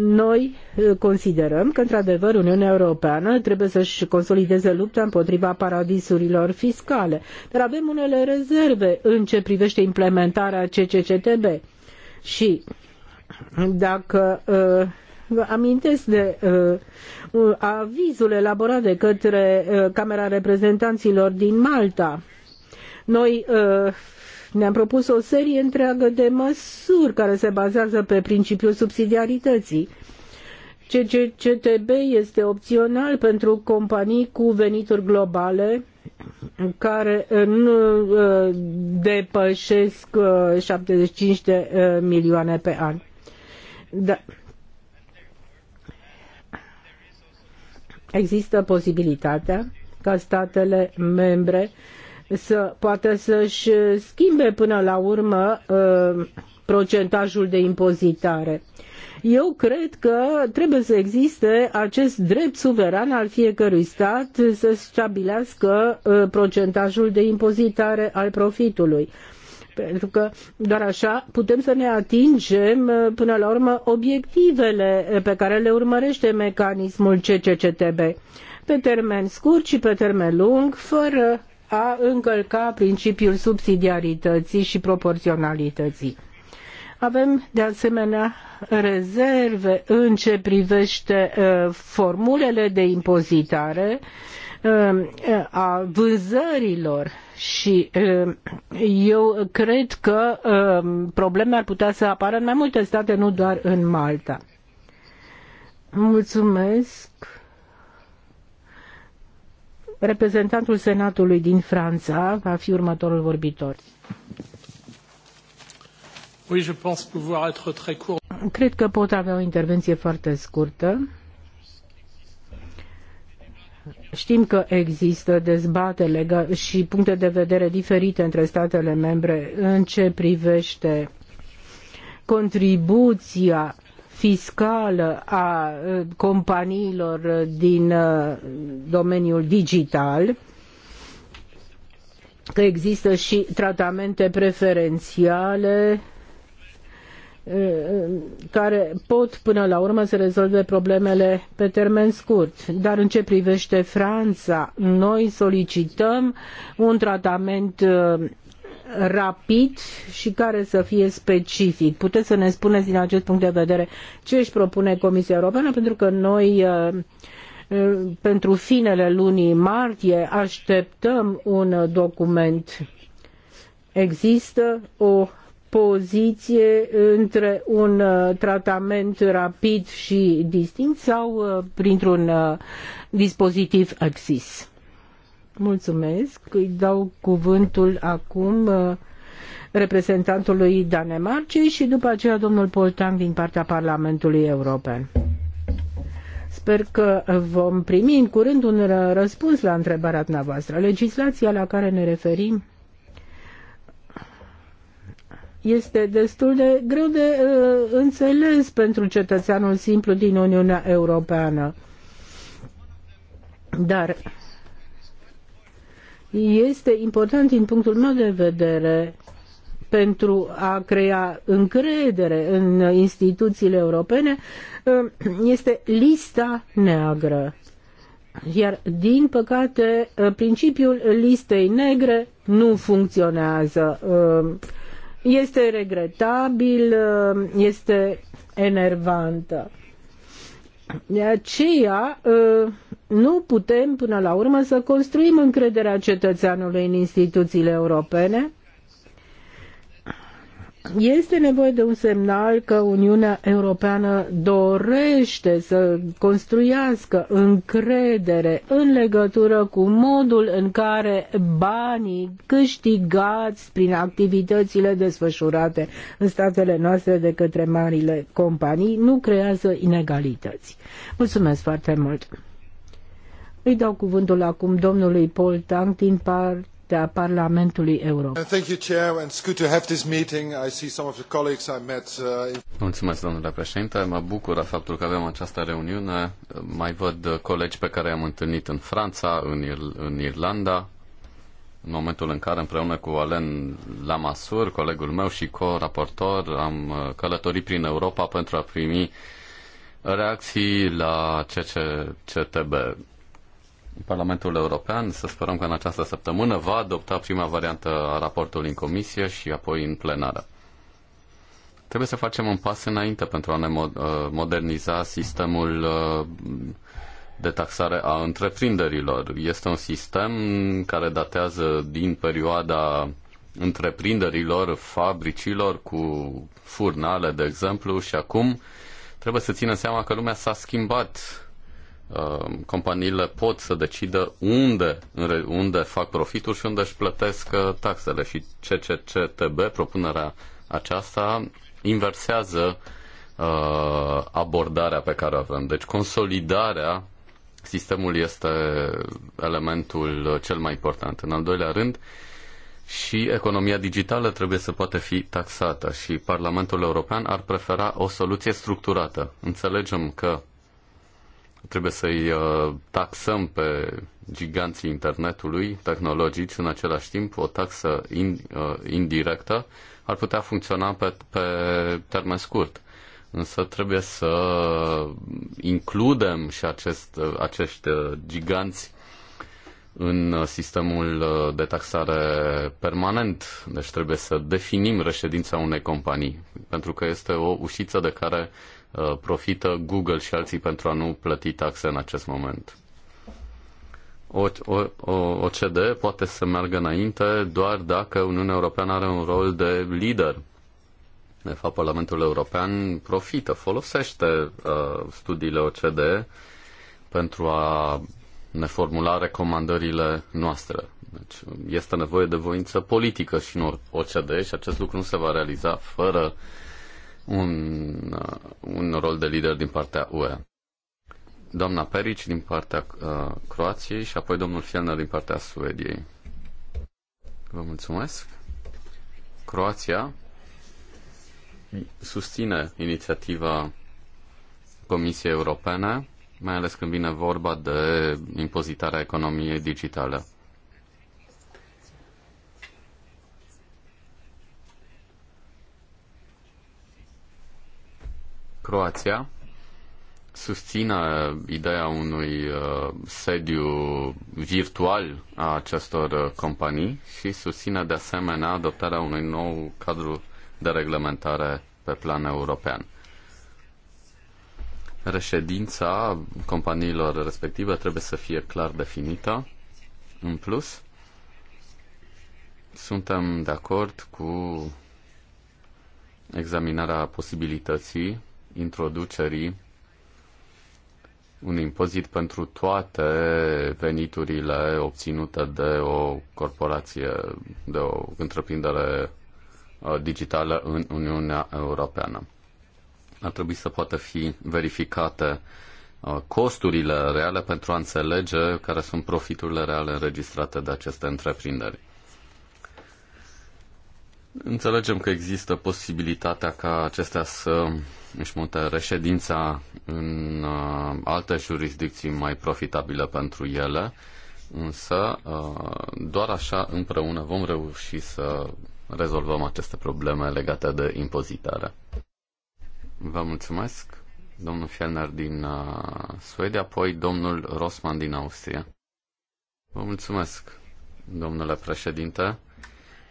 Noi eh, considerăm că, într-adevăr, Uniunea Europeană trebuie să-și consolideze lupta împotriva paradisurilor fiscale, dar avem unele rezerve în ce privește implementarea CCCTB. Și dacă uh, amintesc de uh, avizul elaborat de către uh, Camera Reprezentanților din Malta. Noi uh, ne-am propus o serie întreagă de măsuri care se bazează pe principiul subsidiarității. CCCTB este opțional pentru companii cu venituri globale care nu uh, depășesc 75 uh, de uh, milioane pe an. Da. Există posibilitatea ca statele membre să poată să-și schimbe până la urmă uh, procentajul de impozitare. Eu cred că trebuie să existe acest drept suveran al fiecărui stat să stabilească uh, procentajul de impozitare al profitului. Pentru că doar așa putem să ne atingem uh, până la urmă obiectivele pe care le urmărește mecanismul CCCTB pe termen scurt și pe termen lung, fără a încălca principiul subsidiarității și proporționalității. Avem de asemenea rezerve în ce privește uh, formulele de impozitare uh, a vânzărilor și uh, eu cred că probleme ar putea să apară în mai multe state, nu doar în Malta. Mulțumesc. Reprezentantul Senatului din Franța va fi următorul vorbitor. Oui, je pense pouvoir être très court. Cred că pot avea o intervenție foarte scurtă. Știm că există dezbatele și puncte de vedere diferite între statele membre în ce privește contribuția fiscală a uh, companiilor din uh, domeniul digital, că există și tratamente preferențiale uh, care pot până la urmă să rezolve problemele pe termen scurt. Dar în ce privește Franța, noi solicităm un tratament rapid și care să fie specific. Puteți să ne spuneți din acest punct de vedere ce își propune Comisia Europeană, pentru că noi uh, uh, pentru finele lunii martie așteptăm un document. Există o poziție între un uh, tratament rapid și distinct sau printr-un dispozitiv axis. Mulțumesc. Îi dau cuvântul acum uh, reprezentantului Danemarcei și după aceea domnul Poltang din partea Parlamentului European. Sper că vom primi în curând un răspuns la întrebarea dumneavoastră. Legislația la care ne referim este destul de greu de uh, înțeles pentru cetățeanul simplu din Uniunea Europeană. Dar este important din punctul meu de vedere pentru a crea încredere în instituțiile europene eh, este lista neagră. Iar, din păcate, eh, principiul listei negre nu funcționează. Eh, este regretabil, este enervantă. De aceea, nu putem până la urmă să construim încrederea cetățeanului în instituțiile europene. Este nevoie de un semnal că Uniunea Europeană dorește să construiască încredere în legătură cu modul în care banii câștigați prin activitățile desfășurate în statele noastre de către marile companii nu creează inegalități. Mulțumesc foarte mult! Îi dau cuvântul acum domnului Paul Tang din partea Parlamentului Europei. Uh, Mulțumesc, domnule președinte. Mă bucură faptul că avem această reuniune. Mai văd colegi pe care i-am întâlnit în Franța, în, Ir- în Irlanda, în momentul în care împreună cu Alen Lamasur, colegul meu și co-raportor, am uh, călătorit prin Europa pentru a primi reacții la CCTB. Parlamentul European. Să sperăm că în această săptămână va adopta prima variantă a raportului în comisie și apoi în plenară. Trebuie să facem un pas înainte pentru a ne uh, moderniza sistemul uh, de taxare a întreprinderilor. Este un sistem care datează din perioada întreprinderilor, fabricilor cu furnale, de exemplu, și acum trebuie să ținem seama că lumea s-a schimbat Um, companiile pot să decidă unde, unde fac profitul și unde își plătesc uh, taxele. Și CCCTB, propunerea aceasta, inversează uh, abordarea pe care o avem. Deci consolidarea sistemului este elementul uh, cel mai important. În al doilea rând, și economia digitală trebuie să poate fi taxată și Parlamentul European ar prefera o soluție structurată. Înțelegem că trebuie să-i uh, taxăm pe giganții internetului tehnologici în același timp, o taxă in, uh, indirectă ar putea funcționa pe, pe termen scurt. Însă trebuie să includem și acest, uh, acești giganți în sistemul de taxare permanent. Deci trebuie să definim reședința unei companii, pentru că este o ușiță de care uh, Uh, profită Google și alții pentru a nu plăti taxe în acest moment. O, o, CD poate să meargă înainte doar dacă Uniunea Europeană are un rol de lider. De fapt, Parlamentul European profită, folosește uh, studiile OCDE pentru a ne formula recomandările noastre. Deci este nevoie de voință politică și în OCDE și acest lucru nu se va realiza fără uh, un, uh, un rol de lider din partea UE. Doamna Perici din partea uh, Croației și apoi domnul Fielner din partea Suediei. Vă mulțumesc. Croația susține inițiativa Comisiei Europene, mai ales când vine vorba de impozitarea economiei digitale. Croația susține ideea unui uh, sediu virtual a acestor uh, companii și susține de asemenea adoptarea unui nou cadru de reglementare pe plan european. Reședința companiilor respective trebuie să fie clar definită. În plus, suntem de acord cu examinarea posibilității introducerii un impozit pentru toate veniturile obținute de o corporație, de o întreprindere uh, digitală în Uniunea Europeană. Ar trebui să poată fi verificate uh, costurile reale pentru a înțelege care sunt profiturile reale înregistrate de aceste întreprinderi. Înțelegem că există posibilitatea ca acestea să își mute reședința în uh, alte jurisdicții mai profitabile pentru ele, însă uh, doar așa împreună vom reuși să rezolvăm aceste probleme legate de impozitare. Vă mulțumesc, domnul Fjellner din uh, Suedia, apoi domnul Rosman din Austria. Vă mulțumesc, domnule președinte.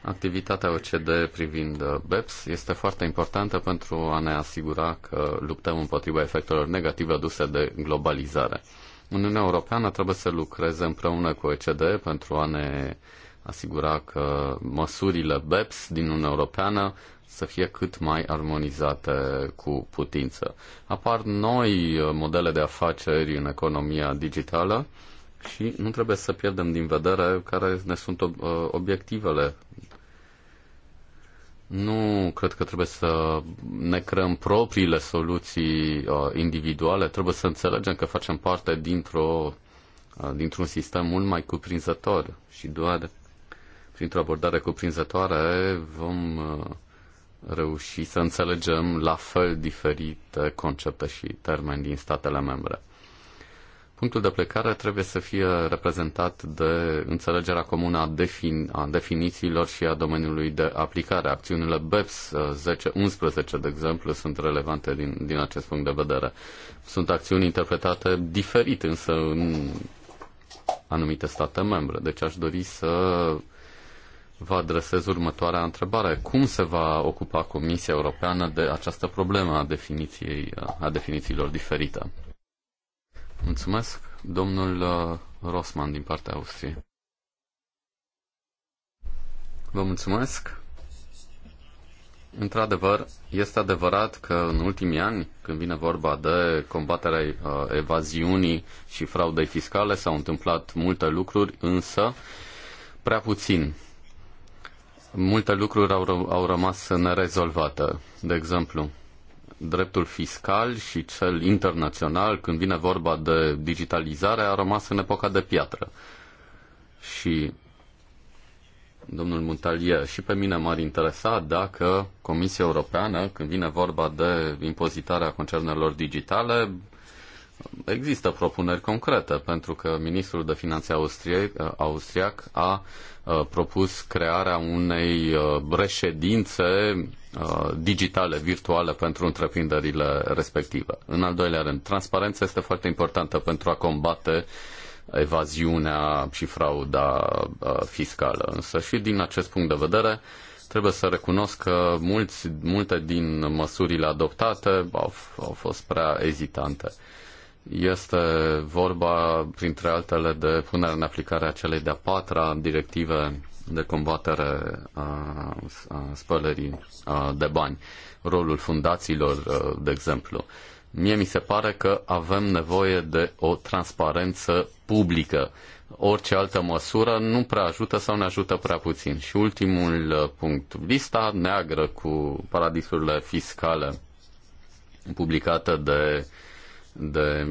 Activitatea OCD privind uh, BEPS este foarte importantă pentru a ne asigura că luptăm împotriva efectelor negative aduse de globalizare. Uniunea Europeană trebuie să lucreze împreună cu OCD pentru a ne asigura că măsurile BEPS din Uniunea Europeană să fie cât mai armonizate cu putință. Apar noi uh, modele de afaceri în economia digitală și nu trebuie să pierdem din vedere care ne sunt uh, obiectivele nu cred că trebuie să ne creăm propriile soluții uh, individuale, trebuie să înțelegem că facem parte dintr-o, uh, dintr-un sistem mult mai cuprinzător și doar printr-o abordare cuprinzătoare vom uh, reuși să înțelegem la fel diferite concepte și termeni din statele membre. Punctul de plecare trebuie să fie reprezentat de înțelegerea comună a, defin, a definițiilor și a domeniului de aplicare. Acțiunile BEPS 10-11, uh, de exemplu, sunt relevante din, din acest punct de vedere. Sunt acțiuni interpretate diferit, însă, în anumite state membre. Deci aș dori să vă adresez următoarea întrebare. Cum se va ocupa Comisia Europeană de această problemă a, definiției, a definițiilor diferite? Mulțumesc, domnul uh, Rosman din partea Austriei. Vă mulțumesc. Într-adevăr, este adevărat că în ultimii ani, când vine vorba de combaterea uh, evaziunii și fraudei fiscale, s-au întâmplat multe lucruri, însă prea puțin. Multe lucruri au, au rămas nerezolvate. De exemplu, dreptul fiscal și cel internațional, când vine vorba de digitalizare, a rămas în epoca de piatră. Și domnul Muntalie, și pe mine m-ar interesa dacă Comisia Europeană, când vine vorba de impozitarea concernelor digitale, Există propuneri concrete, pentru că ministrul de finanțe austriac, eh, austriac a eh, propus crearea unei eh, reședințe digitale, virtuale pentru întreprinderile respective. În al doilea rând, transparența este foarte importantă pentru a combate evaziunea și frauda fiscală. Însă și din acest punct de vedere, trebuie să recunosc că mulți, multe din măsurile adoptate au, au fost prea ezitante. Este vorba, printre altele, de punerea în aplicare a celei de-a patra directive de combatere a, a spălării a, de bani, rolul fundațiilor, de exemplu. Mie mi se pare că avem nevoie de o transparență publică. Orice altă măsură nu prea ajută sau ne ajută prea puțin. Și ultimul punct, lista neagră cu paradisurile fiscale publicată de de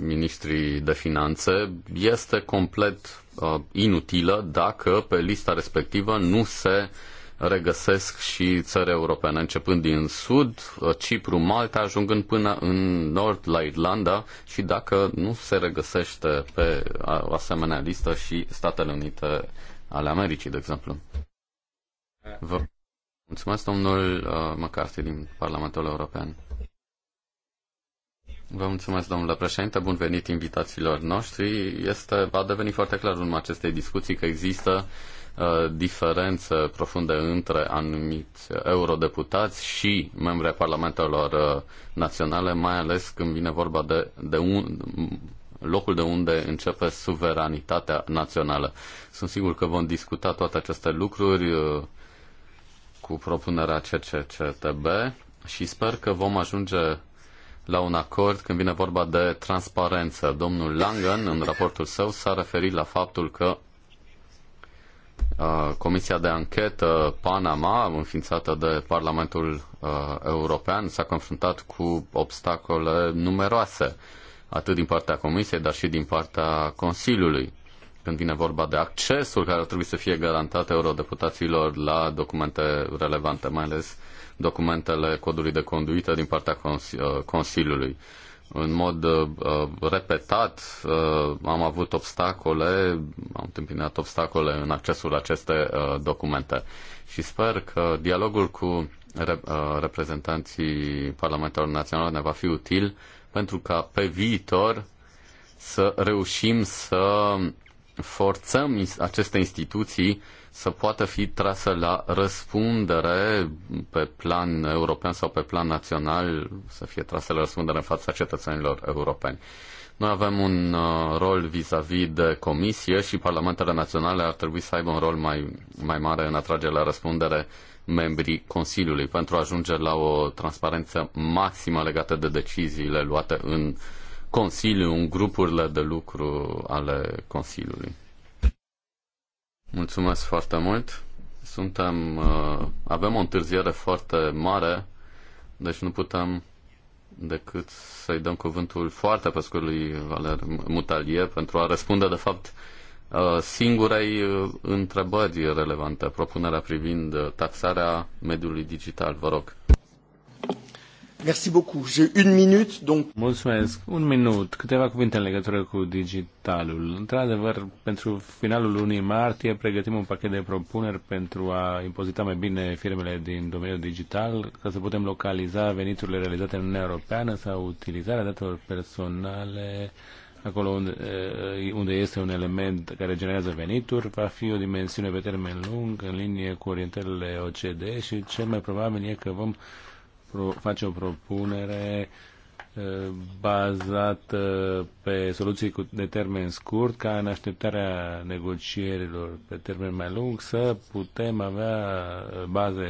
ministrii de finanțe este complet uh, inutilă dacă pe lista respectivă nu se regăsesc și țări europene, începând din sud, uh, Cipru, Malta, ajungând până în nord la Irlanda și dacă nu se regăsește pe o asemenea listă și Statele Unite ale Americii, de exemplu. Vă mulțumesc, domnul uh, McCarthy din Parlamentul European. Vă mulțumesc, domnule președinte. Bun venit invitațiilor noștri. Este, va deveni foarte clar în acestei discuții că există uh, diferențe profunde între anumiți eurodeputați și membrii parlamentelor uh, naționale, mai ales când vine vorba de, de un, locul de unde începe suveranitatea națională. Sunt sigur că vom discuta toate aceste lucruri uh, cu propunerea CCCTB și sper că vom ajunge la un acord când vine vorba de transparență. Domnul Langen, în raportul său, s-a referit la faptul că uh, Comisia de anchetă Panama, înființată de Parlamentul uh, European, s-a confruntat cu obstacole numeroase, atât din partea Comisiei, dar și din partea Consiliului, când vine vorba de accesul care ar trebui să fie garantat eurodeputaților la documente relevante, mai ales uh, documentele codului de conduită din partea uh, Consiliului. În mod uh, uh, repetat am avut obstacole, am întâmpinat obstacole în accesul la aceste documente și sper că dialogul cu reprezentanții parlamentelor naționale ne va fi util pentru ca pe viitor să reușim să forțăm aceste instituții să poată fi trasă la răspundere pe plan european sau pe plan național, să fie trasă la răspundere în fața cetățenilor europeni. Noi avem un uh, rol vis-a-vis -vis de comisie și parlamentele naționale ar trebui să aibă un rol mai, mai mare în atragerea la răspundere membrii Consiliului pentru a ajunge la o transparență maximă legată de deciziile luate în Consiliu, în grupurile de lucru ale Consiliului. Mulțumesc foarte mult. Suntem, uh, avem o întârziere foarte mare, deci nu putem decât să-i dăm cuvântul foarte pe scurt lui Valer Mutalie pentru a răspunde, de fapt, uh, singurei uh, întrebări relevante, propunerea privind taxarea mediului digital. Vă rog. Merci beaucoup. J'ai une minute, donc... Mulțumesc. Un minut. Câteva cuvinte în legătură cu digitalul. Într-adevăr, pentru finalul lunii martie pregătim un pachet de propuneri pentru a impozita mai bine firmele din domeniul digital, ca să putem localiza veniturile realizate în Uniunea Europeană sau utilizarea datelor personale acolo unde, eh, unde este un element care generează venituri, va fi o dimensiune pe termen lung, în linie cu orientările OCD și cel mai probabil e că vom face o propunere eh, bazată pe soluții cu, de termen scurt, ca în așteptarea negocierilor pe termen mai lung să putem avea baze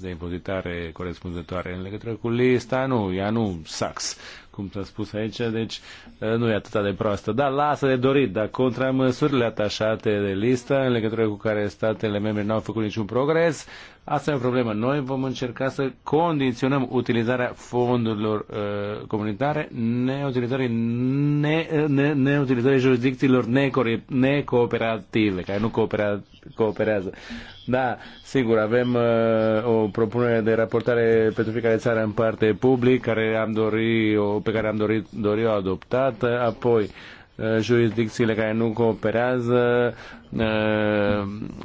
de impozitare corespunzătoare. În legătură cu lista, nu, ea nu sax, cum s-a spus aici, deci eh, nu e atât de proastă. Da, lasă de dorit, dar contra măsurile atașate de listă, în legătură cu care statele membre n-au făcut niciun progres, Asta e o problemă. Noi vom încerca să condiționăm utilizarea fondurilor uh, comunitare neutilizării, ne, ne, neutilizării jurisdicțiilor necooperative, care nu coopera, cooperează. Da, sigur, avem uh, o propunere de raportare pentru fiecare țară în parte public, care am dorit, o, pe care am dorit, dorit o adoptată, apoi uh, Uh, jurisdicțiile care nu cooperează uh,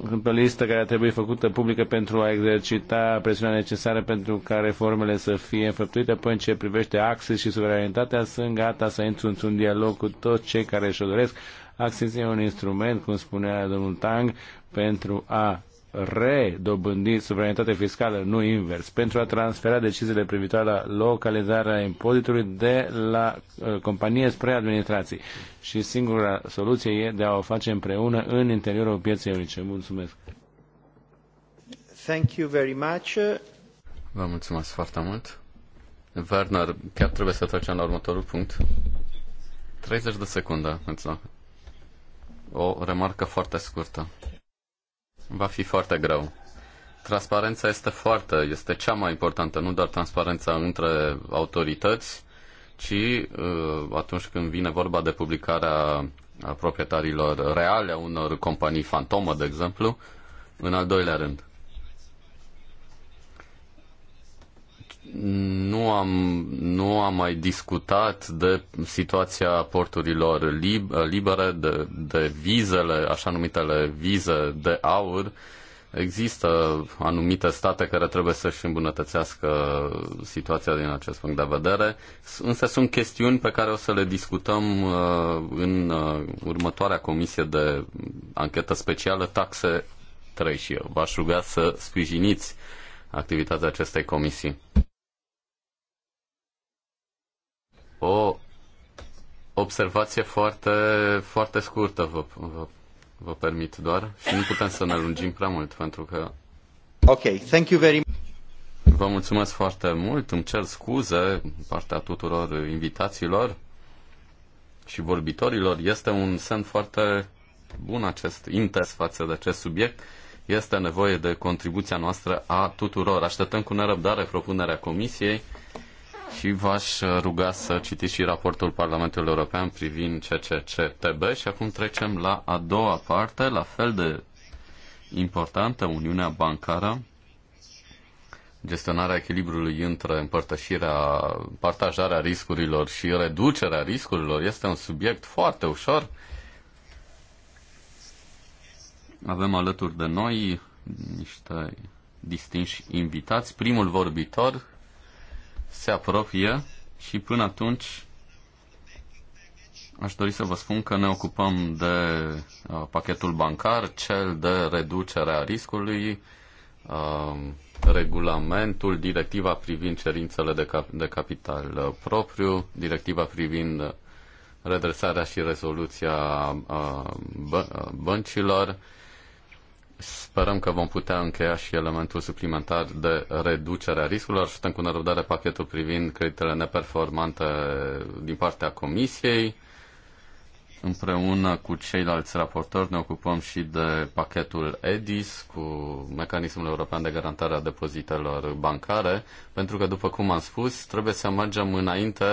sunt pe listă care trebuie făcută publică pentru a exercita presiunea necesară pentru ca reformele să fie înfăptuite. Apoi, în ce privește Axis și suveranitatea, sunt gata să intru într-un dialog cu toți cei care își o doresc. Axis e un instrument, cum spunea domnul Tang, pentru a redobândi suveranitate fiscală, nu invers, pentru a transfera deciziile privitoare la localizarea impozitului de la uh, companie spre administrații. Și singura soluție e de a o face împreună în interiorul pieței unice. Mulțumesc! Thank you very much. Vă mulțumesc foarte mult. Werner, chiar trebuie să trecem la următorul punct. 30 de secunde, îți O remarcă foarte scurtă. Va fi foarte greu. Transparența este foarte, este cea mai importantă, nu doar transparența între autorități, ci uh, atunci când vine vorba de publicarea proprietarilor reale a unor companii fantomă, de exemplu, în al doilea rând. nu am, nu am mai discutat de situația porturilor lib- libere, de, de vizele, așa numitele vize de aur. Există anumite state care trebuie să-și îmbunătățească situația din acest punct de vedere, însă sunt chestiuni pe care o să le discutăm uh, în uh, următoarea comisie de anchetă specială, taxe 3 și eu. V-aș ruga să sprijiniți activitatea acestei comisii. o observație foarte, foarte scurtă, vă, vă, vă permit doar, și nu putem să ne lungim prea mult, pentru că... Ok, thank you very much. Vă mulțumesc foarte mult, îmi cer scuze partea tuturor invitațiilor și vorbitorilor. Este un semn foarte bun acest interes față de acest subiect. Este nevoie de contribuția noastră a tuturor. Așteptăm cu nerăbdare propunerea Comisiei și v-aș uh, ruga să citiți și raportul Parlamentului European privind CCCTB și acum trecem la a doua parte, la fel de importantă, Uniunea Bancară, gestionarea echilibrului între împărtășirea, partajarea riscurilor și reducerea riscurilor este un subiect foarte ușor. Avem alături de noi niște distinși invitați. Primul vorbitor se apropie și până atunci aș dori să vă spun că ne ocupăm de uh, pachetul bancar, cel de reducere a riscului, uh, regulamentul, directiva privind cerințele de, cap- de capital uh, propriu, directiva privind redresarea și rezoluția uh, bă- uh, băncilor, Sperăm că vom putea încheia și elementul suplimentar de reducere a riscurilor. Așteptăm cu nerăbdare pachetul privind creditele neperformante din partea Comisiei. Împreună cu ceilalți raportori ne ocupăm și de pachetul EDIS cu mecanismul european de garantare a depozitelor bancare, pentru că, după cum am spus, trebuie să mergem înainte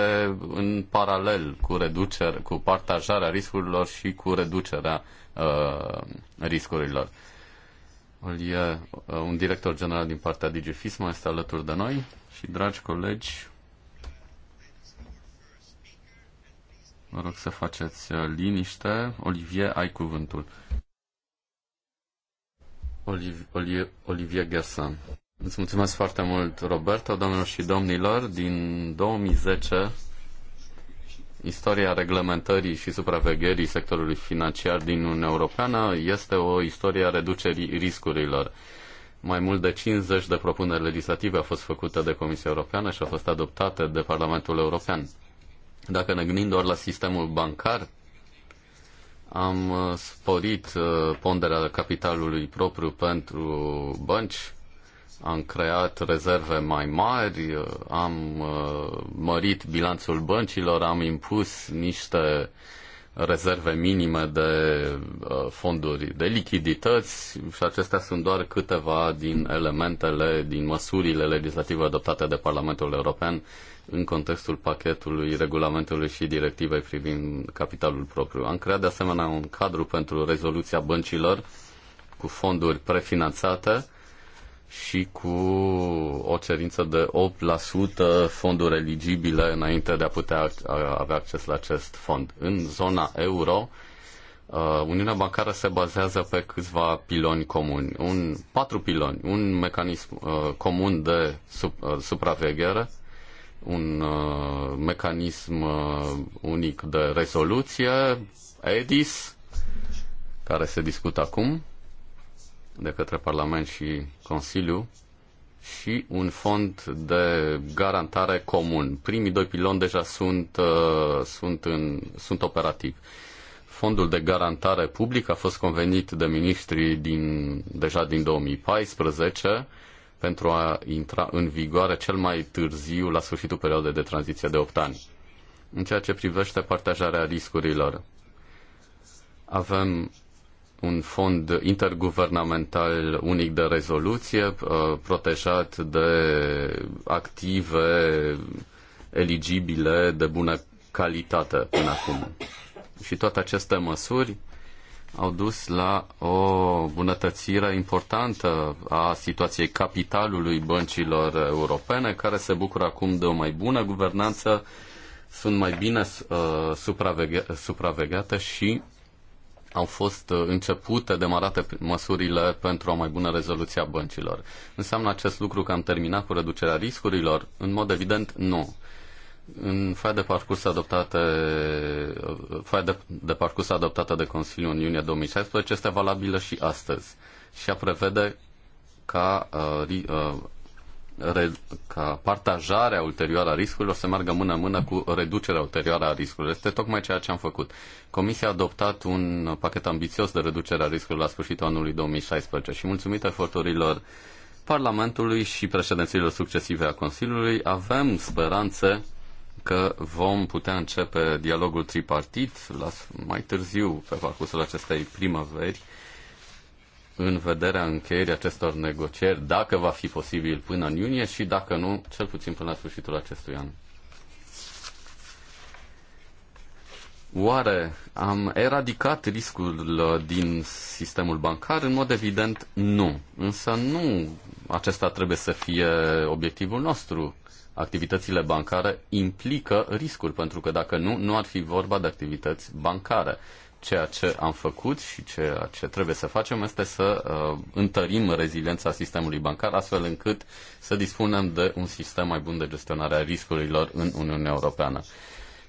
în paralel cu, reducere, cu partajarea riscurilor și cu reducerea uh, riscurilor. Îl e uh, un director general din partea DigiFisma, este alături de noi și, dragi colegi, Vă rog să faceți uh, liniște. Olivier, ai cuvântul. Olivier, Olivier, Gerson. Gersan. Îți mulțumesc foarte mult, Roberto, doamnelor și domnilor. Din 2010 Istoria reglementării și supravegherii sectorului financiar din Uniunea Europeană este o istorie a reducerii riscurilor. Mai mult de 50 de propuneri legislative au fost făcute de Comisia Europeană și au fost adoptate de Parlamentul European. Dacă ne gândim doar la sistemul bancar, am uh, sporit uh, ponderea capitalului propriu pentru bănci, am creat rezerve mai mari, am uh, mărit bilanțul băncilor, am impus niște rezerve minime de uh, fonduri de lichidități și acestea sunt doar câteva din elementele, din măsurile legislative adoptate de Parlamentul European în contextul pachetului regulamentului și directivei privind capitalul propriu. Am creat de asemenea un cadru pentru rezoluția băncilor cu fonduri prefinanțate și cu o cerință de 8% fonduri eligibile înainte de a putea avea acces la acest fond. În zona euro, uh, Uniunea Bancară se bazează pe câțiva piloni comuni, un, patru piloni, un mecanism uh, comun de sup, uh, supraveghere, un uh, mecanism uh, unic de rezoluție, EDIS, care se discută acum, de către Parlament și Consiliu și un fond de garantare comun. Primii doi piloni deja sunt, uh, sunt, în, sunt operativ. Fondul de garantare public a fost convenit de ministrii din, deja din 2014 pentru a intra în vigoare cel mai târziu la sfârșitul perioadei de tranziție de 8 ani. În ceea ce privește partajarea riscurilor, avem un fond interguvernamental unic de rezoluție, uh, protejat de active eligibile de bună calitate până acum. Și toate aceste măsuri au dus la o bunătățire importantă a situației capitalului băncilor europene, care se bucură acum de o mai bună guvernanță, sunt mai bine uh, supraveghe- supravegate și au fost uh, începute, demarate măsurile pentru o mai bună rezoluție a băncilor. Înseamnă acest lucru că am terminat cu reducerea riscurilor? În mod evident, nu. În faia de parcurs adoptată, uh, faia de, de parcurs adoptată de Consiliul în iunie 2016 este valabilă și astăzi și a prevede ca uh, uh, ca partajarea ulterioară a riscurilor să meargă mână-mână cu reducerea ulterioară a riscurilor. Este tocmai ceea ce am făcut. Comisia a adoptat un pachet ambițios de reducere a riscurilor la sfârșitul anului 2016 și mulțumită eforturilor Parlamentului și președinților succesive a Consiliului avem speranțe că vom putea începe dialogul tripartit la mai târziu pe parcursul acestei primăveri în vederea încheierii acestor negocieri, dacă va fi posibil până în iunie și dacă nu, cel puțin până la sfârșitul acestui an. Oare am eradicat riscul uh, din sistemul bancar? În mod evident, nu. Însă nu acesta trebuie să fie obiectivul nostru. Activitățile bancare implică riscuri, pentru că dacă nu, nu ar fi vorba de activități bancare ceea ce am făcut și ceea ce trebuie să facem este să uh, întărim reziliența sistemului bancar astfel încât să dispunem de un sistem mai bun de gestionare a riscurilor în Uniunea Europeană.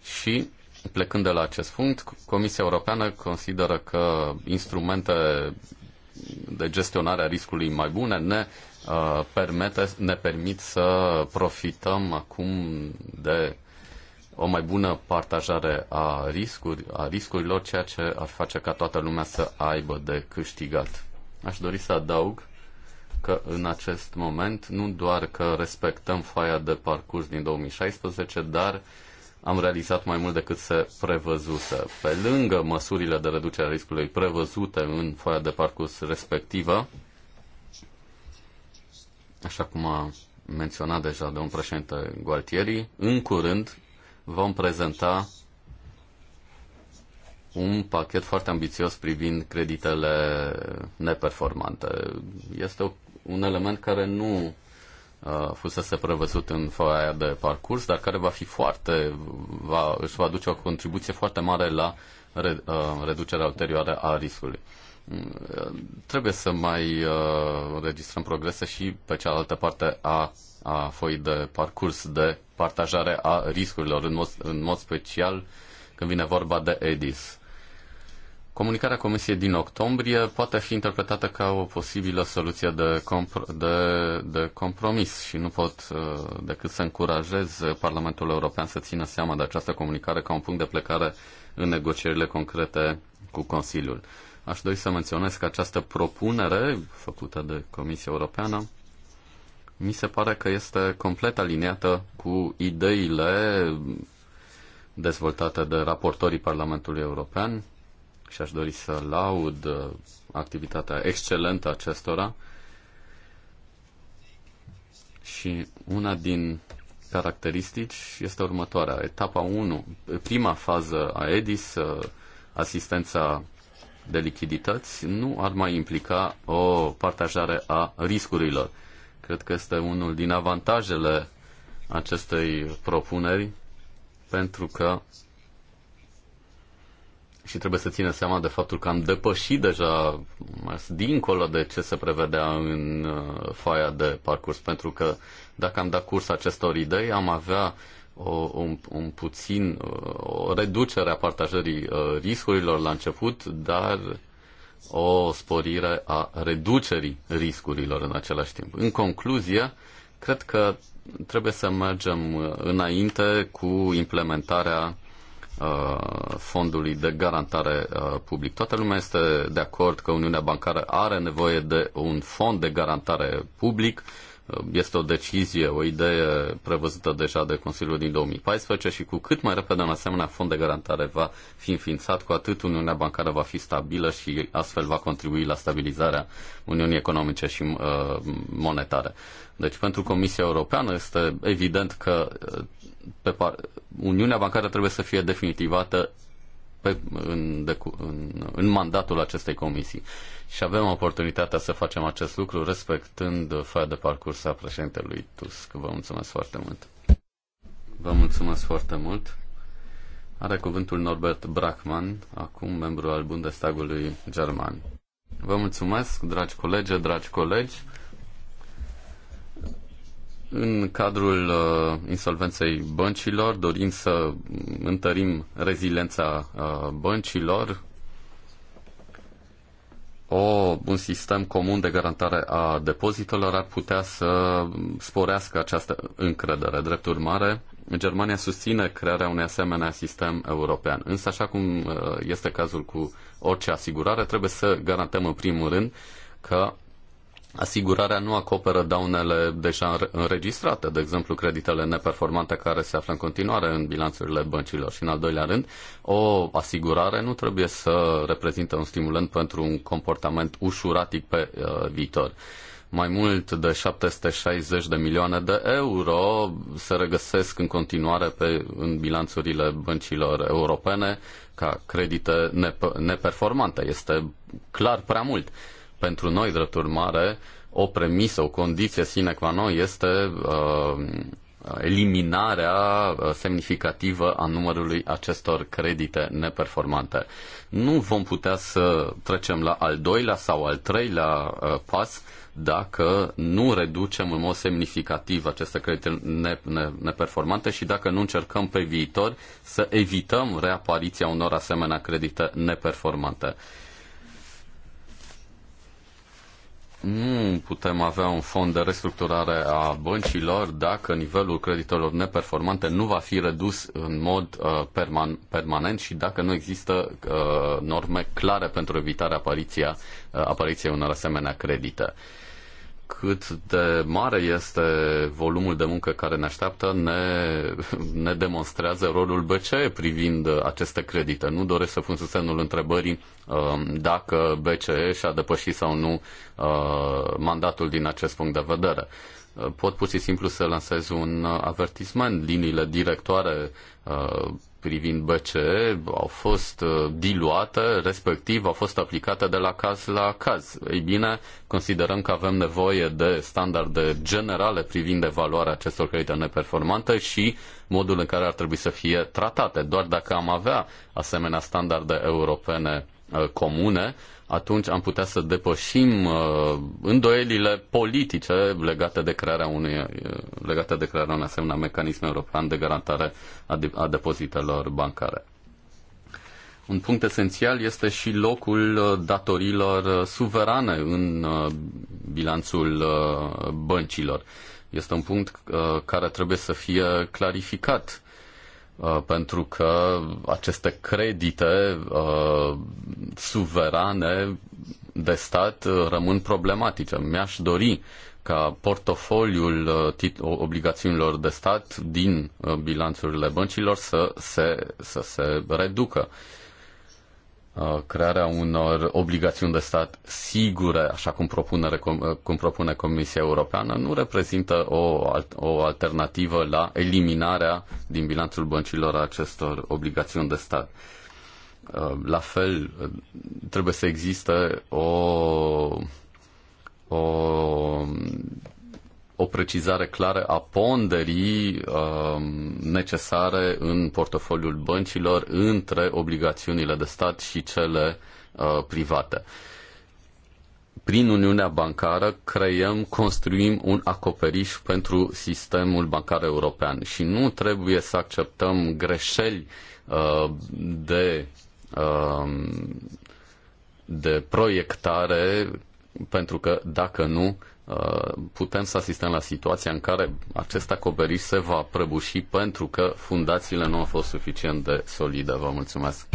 Și plecând de la acest punct, Comisia Europeană consideră că instrumente de gestionare a riscului mai bune ne uh, permite, ne permit să profităm acum de uh, o mai bună partajare a, riscuri, a riscurilor, ceea ce ar face ca toată lumea să aibă de câștigat. Aș dori să adaug că în acest moment nu doar că respectăm foaia de parcurs din 2016, dar am realizat mai mult decât se prevăzuse. Pe lângă măsurile de reducere a riscului prevăzute în foaia de parcurs respectivă, așa cum a menționat deja de un președinte Gualtieri, în curând vom prezenta un pachet foarte ambițios privind creditele neperformante. Este un element care nu uh, fusese prevăzut în foaia de parcurs, dar care va fi foarte, va, își va aduce o contribuție foarte mare la re, uh, reducerea ulterioară a riscului. Mm, uh, trebuie să mai registrăm progrese și pe cealaltă parte a a foi de parcurs, de partajare a riscurilor, în mod, în mod special când vine vorba de EDIS. Comunicarea Comisiei din octombrie poate fi interpretată ca o posibilă soluție de, compro- de, de compromis și nu pot uh, decât să încurajez Parlamentul European să țină seama de această comunicare ca un punct de plecare în negocierile concrete cu Consiliul. Aș dori să menționez că această propunere făcută de Comisia Europeană mi se pare că este complet aliniată cu ideile dezvoltate de raportorii Parlamentului European și aș dori să laud uh, activitatea excelentă acestora. Și una din caracteristici este următoarea. Etapa 1, prima fază a EDIS, uh, asistența de lichidități, nu ar mai implica o partajare a riscurilor Cred că este unul din avantajele acestei propuneri, pentru că și trebuie să ține seama de faptul că am depășit deja, dincolo de ce se prevedea în uh, faia de parcurs, pentru că dacă am dat curs acestor idei, am avea o, un, un puțin, uh, o reducere a partajării uh, riscurilor la început, dar o sporire a reducerii riscurilor în același timp. În concluzie, cred că trebuie să mergem uh, înainte cu implementarea uh, fondului de garantare uh, public. Toată lumea este de acord că Uniunea Bancară are nevoie de un fond de garantare public este o decizie, o idee prevăzută deja de Consiliul din 2014 și cu cât mai repede un asemenea fond de garantare va fi înființat, cu atât Uniunea Bancară va fi stabilă și astfel va contribui la stabilizarea Uniunii Economice și uh, Monetare. Deci pentru Comisia Europeană este evident că uh, pe par- Uniunea Bancară trebuie să fie definitivată pe, în, de, în, în mandatul acestei comisii. Și avem oportunitatea să facem acest lucru respectând foaia de parcurs a președintelui Tusk. Vă mulțumesc foarte mult. Vă mulțumesc foarte mult. Are cuvântul Norbert Brachmann, acum membru al Bundestagului German. Vă mulțumesc, dragi colegi, dragi colegi. În cadrul uh, insolvenței băncilor dorim să întărim reziliența uh, băncilor, o, un sistem comun de garantare a depozitelor ar putea să sporească această încredere. Drept urmare, Germania susține crearea unui asemenea sistem european. Însă, așa cum uh, este cazul cu orice asigurare, trebuie să garantăm în primul rând că asigurarea nu acoperă daunele deja înregistrate, de exemplu creditele neperformante care se află în continuare în bilanțurile băncilor. Și în al doilea rând, o asigurare nu trebuie să reprezinte un stimulant pentru un comportament ușuratic pe uh, viitor. Mai mult de 760 de milioane de euro se regăsesc în continuare pe, în bilanțurile băncilor europene ca credite nep- neperformante. Este clar prea mult. Uh, pentru noi, drept urmare, o premisă, o condiție sine qua non este uh, eliminarea uh, semnificativă a numărului acestor credite neperformante. Nu vom putea să trecem la al doilea sau al treilea uh, pas dacă nu reducem în mod semnificativ aceste credite neperformante și dacă nu încercăm pe viitor să evităm reapariția unor asemenea credite neperformante. nu putem avea un fond de restructurare a băncilor dacă nivelul creditelor neperformante nu va fi redus în mod uh, perman- permanent și dacă nu există uh, norme clare pentru evitarea apariției uh, apariției unor asemenea credite. Uh, cât de mare este volumul de muncă care ne așteaptă, ne, ne demonstrează rolul BCE privind aceste credite. Nu doresc să pun sub semnul întrebării um, dacă BCE și-a depășit sau nu uh, mandatul din acest punct de vedere. Uh, pot pur și simplu să lansez un uh, avertisment. Liniile directoare privind BCE au fost uh, diluate, respectiv au fost aplicate de la caz la caz. Ei bine, considerăm că avem nevoie de standarde generale privind evaluarea acestor credite neperformante și modul în care ar trebui să fie tratate. Doar dacă am avea asemenea standarde europene uh, comune, atunci am putea să depășim uh, îndoielile politice legate de crearea unui, uh, legate de crearea unui asemenea mecanism european de garantare a, de- a depozitelor bancare. Un punct esențial este și locul uh, datorilor uh, suverane în uh, bilanțul băncilor. Este un punct care trebuie să fie clarificat Uh, pentru că aceste credite uh, suverane de stat uh, rămân problematice. Mi-aș dori ca portofoliul uh, obligațiunilor de stat din bilanțurile băncilor să se, să se reducă Uh, crearea unor obligațiuni de stat sigure, așa cum propune, uh, cum propune Comisia Europeană, nu reprezintă o, o alternativă la eliminarea din bilanțul băncilor acestor obligațiuni de stat. Uh, la fel, trebuie să existe o, o o precizare clară a ponderii uh, necesare în portofoliul băncilor între obligațiunile de stat și cele uh, private. Prin Uniunea Bancară creăm, construim un acoperiș pentru sistemul bancar european și nu trebuie să acceptăm greșeli uh, de, um, de proiectare pentru că dacă nu Uh, putem să asistăm la situația în care acest acoperiș se va prăbuși pentru că fundațiile nu au fost suficient de solide. Vă mulțumesc.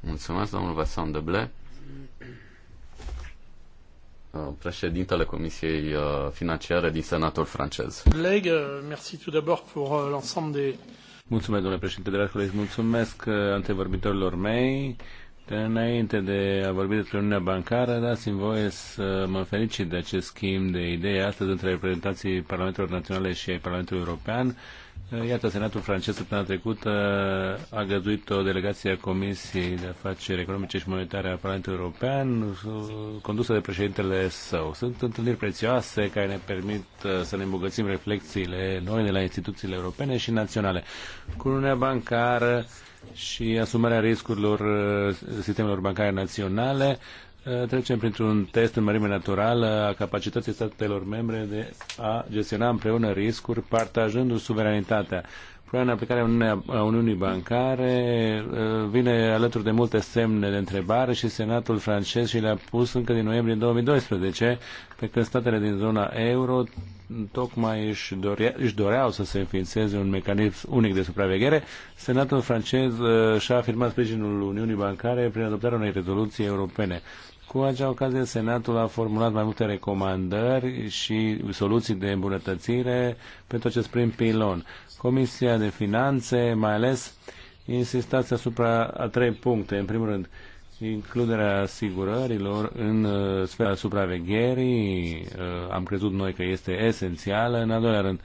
Mulțumesc, domnul Vesan Ble. Uh, președintele Comisiei uh, Financiare din Senatul francez. Coleg, merci tout d'abord pour l'ensemble des Mulțumesc, domnule președinte, dragi colegi, mulțumesc antevorbitorilor mei de înainte de a vorbi despre Uniunea Bancară, dați-mi voie să mă felicit de acest schimb de idei astăzi între reprezentanții Parlamentelor Naționale și ai Parlamentului European. Iată, Senatul francez săptămâna trecută a găduit o delegație a Comisiei de Afaceri Economice și Monetare a Parlamentului European, condusă de președintele său. Sunt întâlniri prețioase care ne permit uh, să ne îmbogățim reflexiile noi de la instituțiile europene și naționale. Cu Uniunea Bancară, și asumarea riscurilor uh, sistemelor bancare naționale, uh, trecem printr-un test în mărime naturală a capacității statelor membre de a gestiona împreună riscuri, partajându-și suveranitatea. Problema în aplicare a Uniunii Bancare uh, vine alături de multe semne de întrebare și Senatul francez și le-a pus încă din noiembrie 2012, pe când statele din zona euro tocmai își, dorea, își doreau să se înființeze un mecanism unic de supraveghere. Senatul francez uh, și-a afirmat sprijinul Uniunii Bancare prin adoptarea unei rezoluții europene. Cu acea ocazie, Senatul a formulat mai multe recomandări și soluții de îmbunătățire pentru acest prim pilon. Comisia de Finanțe, mai ales, insistați asupra a trei puncte. În primul rând, includerea asigurărilor în uh, sfera supravegherii, uh, am crezut noi că este esențială. În al doilea rând,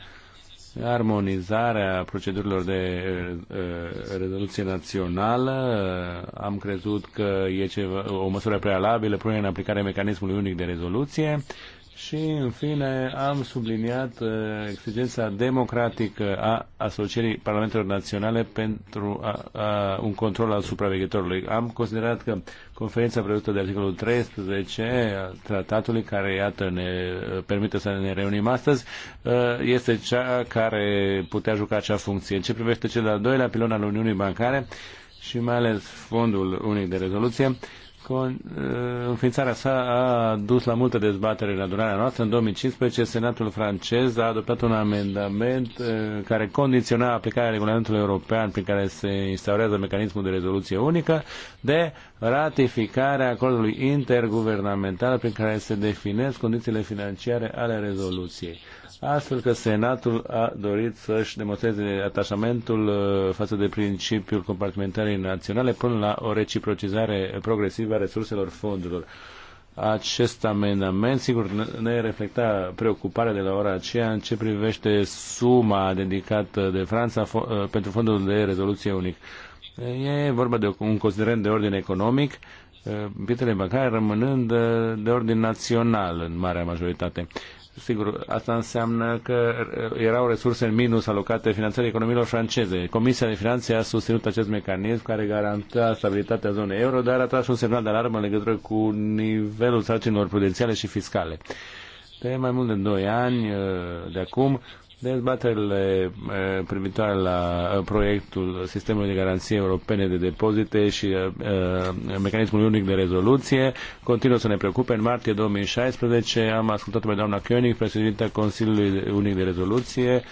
armonizarea procedurilor de eh, rezoluție națională. Eh, am crezut că e ceva, o măsură prealabilă, pune în aplicare mecanismului unic de rezoluție. Și, în fine, am subliniat uh, exigența democratică a asocierii Parlamentelor Naționale pentru a, a, un control al supraveghetorului. Am considerat că conferința prevăzută de articolul 13 al tratatului, care, iată, ne uh, permite să ne reunim astăzi, uh, este cea care putea juca acea funcție. În ce privește cel de-al doilea pilon al Uniunii Bancare și mai ales fondul unic de rezoluție, Uh, înființarea sa a dus la multe dezbatere la durarea noastră. În 2015, Senatul francez a adoptat un amendament uh, care condiționa aplicarea regulamentului european prin care se instaurează mecanismul de rezoluție unică de ratificarea acordului interguvernamental prin care se definesc condițiile financiare ale rezoluției astfel că Senatul a dorit să-și demonstreze atașamentul uh, față de principiul compartimentării naționale până la o reciprocizare progresivă a resurselor fondurilor. Acest amendament, sigur, ne reflecta preocuparea de la ora aceea în ce privește suma dedicată de Franța uh, pentru fondul de rezoluție unic. E vorba de un considerent de ordin economic, pietrele uh, bancare rămânând de ordin național în marea majoritate sigur, asta înseamnă că uh, erau resurse în minus alocate finanțării economiilor franceze. Comisia de Finanțe a susținut acest mecanism care garanta stabilitatea zonei euro, dar a tras un semnal de alarmă în legătură cu nivelul sarcinilor prudențiale și fiscale. De mai mult de 2 ani uh, de acum, Dezbaterile privitoare la proiectul sistemului de garanție europene de depozite și mecanismul unic de rezoluție continuă să ne preocupe. În martie 2016 am ascultat pe doamna Koenig, președinta Consiliului Unic de Rezoluție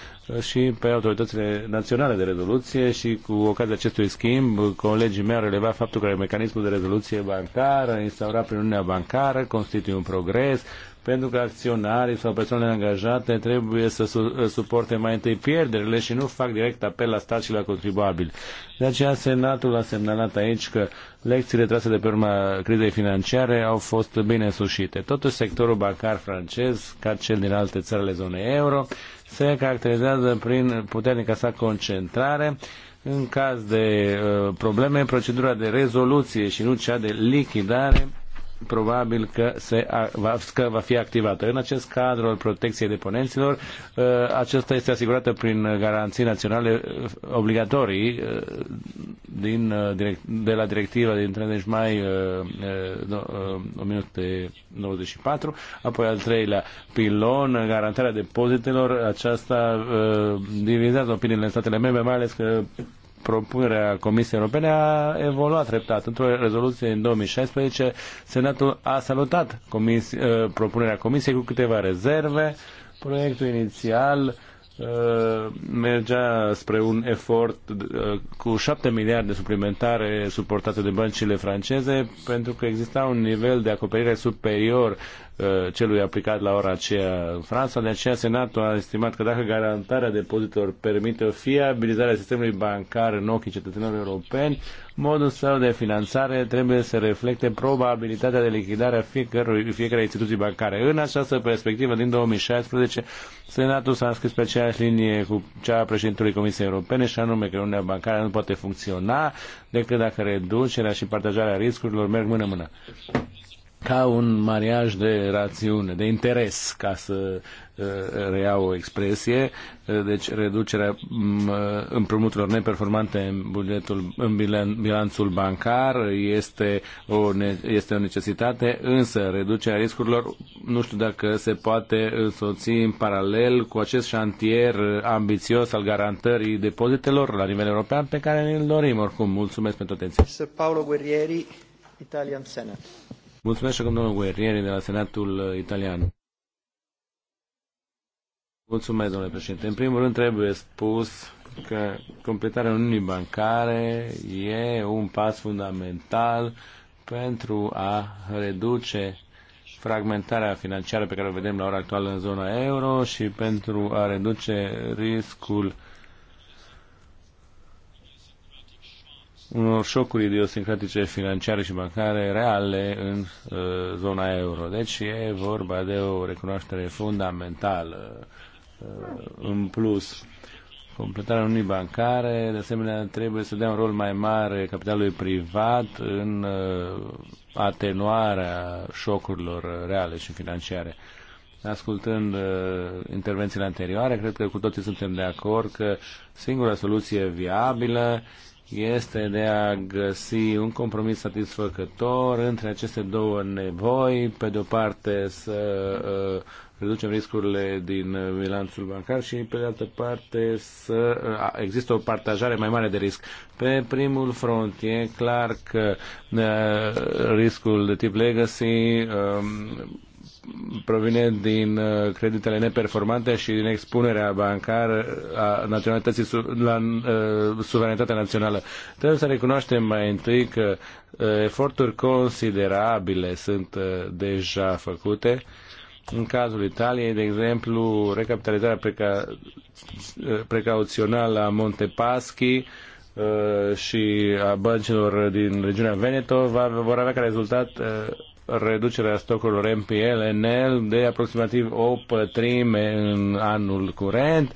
și pe autoritățile naționale de rezoluție și cu ocazia acestui schimb, colegii mei au relevat faptul că mecanismul de rezoluție bancară instaurat prin Uniunea Bancară constituie un progres pentru că acționarii sau persoanele angajate trebuie să su- suporte mai întâi pierderile și nu fac direct apel la stat și la contribuabil. De aceea Senatul a semnalat aici că lecțiile trase de pe urma crizei financiare au fost bine sușite. Totuși, sectorul bancar francez, ca cel din alte țări ale zonei euro, se caracterizează prin puternica sa concentrare în caz de uh, probleme, procedura de rezoluție și nu cea de lichidare probabil că, se, va, că va fi activată. În acest cadru al protecției deponenților, uh, aceasta este asigurată prin garanții naționale uh, obligatorii uh, din, de la directiva din 30 mai 1994, apoi al treilea pilon, garantarea depozitelor, aceasta divizează opiniile în statele membre, mai ales că propunerea Comisiei Europene a evoluat treptat. Într-o rezoluție în 2016, Senatul a salutat comis, uh, propunerea Comisiei cu câteva rezerve. Proiectul inițial Uh, mergea spre un efort uh, cu 7 miliarde suplimentare suportate de băncile franceze pentru că exista un nivel de acoperire superior uh, celui aplicat la ora aceea în Franța, de aceea Senatul a estimat că dacă garantarea depozitelor permite o fiabilizare a sistemului bancar în ochii cetățenilor europeni, modul său de finanțare trebuie să reflecte probabilitatea de lichidare a fiecărui, fiecare instituții bancare. În această perspectivă, din 2016, Senatul s-a înscris pe aceeași linie cu cea a președintelui Comisiei Europene și anume că Uniunea Bancară nu poate funcționa decât dacă reducerea și partajarea riscurilor merg mână-mână ca un mariaj de rațiune, de interes, ca să uh, reiau o expresie, uh, deci reducerea mm, uh, împrumuturilor neperformante în, bugetul, în bilanțul bancar este o, este o necesitate, însă reducerea riscurilor nu știu dacă se poate însoți în paralel cu acest șantier ambițios al garantării depozitelor la nivel european pe care îl dorim oricum. Mulțumesc pentru atenție. Paolo Guerrieri, Italian Senate. Mulțumesc și acum domnul Guerrieri de la Senatul uh, Italian. Mulțumesc, domnule președinte. În primul rând trebuie spus că completarea Uniunii Bancare e un pas fundamental pentru a reduce fragmentarea financiară pe care o vedem la ora actuală în zona euro și pentru a reduce riscul unor șocuri idiosincratice financiare și bancare reale în uh, zona euro. Deci e vorba de o recunoaștere fundamentală uh, în plus. Completarea unui bancare, de asemenea, trebuie să dea un rol mai mare capitalului privat în uh, atenuarea șocurilor reale și financiare. Ascultând uh, intervențiile anterioare, cred că cu toții suntem de acord că singura soluție viabilă este de a găsi un compromis satisfăcător între aceste două nevoi, pe de o parte să uh, reducem riscurile din uh, bilanțul bancar și pe de altă parte să uh, există o partajare mai mare de risc. Pe primul front e clar că uh, riscul de tip legacy um, provine din uh, creditele neperformante și din expunerea bancară a naționalității la uh, suveranitatea națională. Trebuie să recunoaștem mai întâi că uh, eforturi considerabile sunt deja făcute. În cazul Italiei, de exemplu, recapitalizarea preca- precauțională a Montepaschi și a băncilor din regiunea Veneto va, vor avea ca rezultat reducerea stocurilor MPL, NL, de aproximativ o pătrime în anul curent.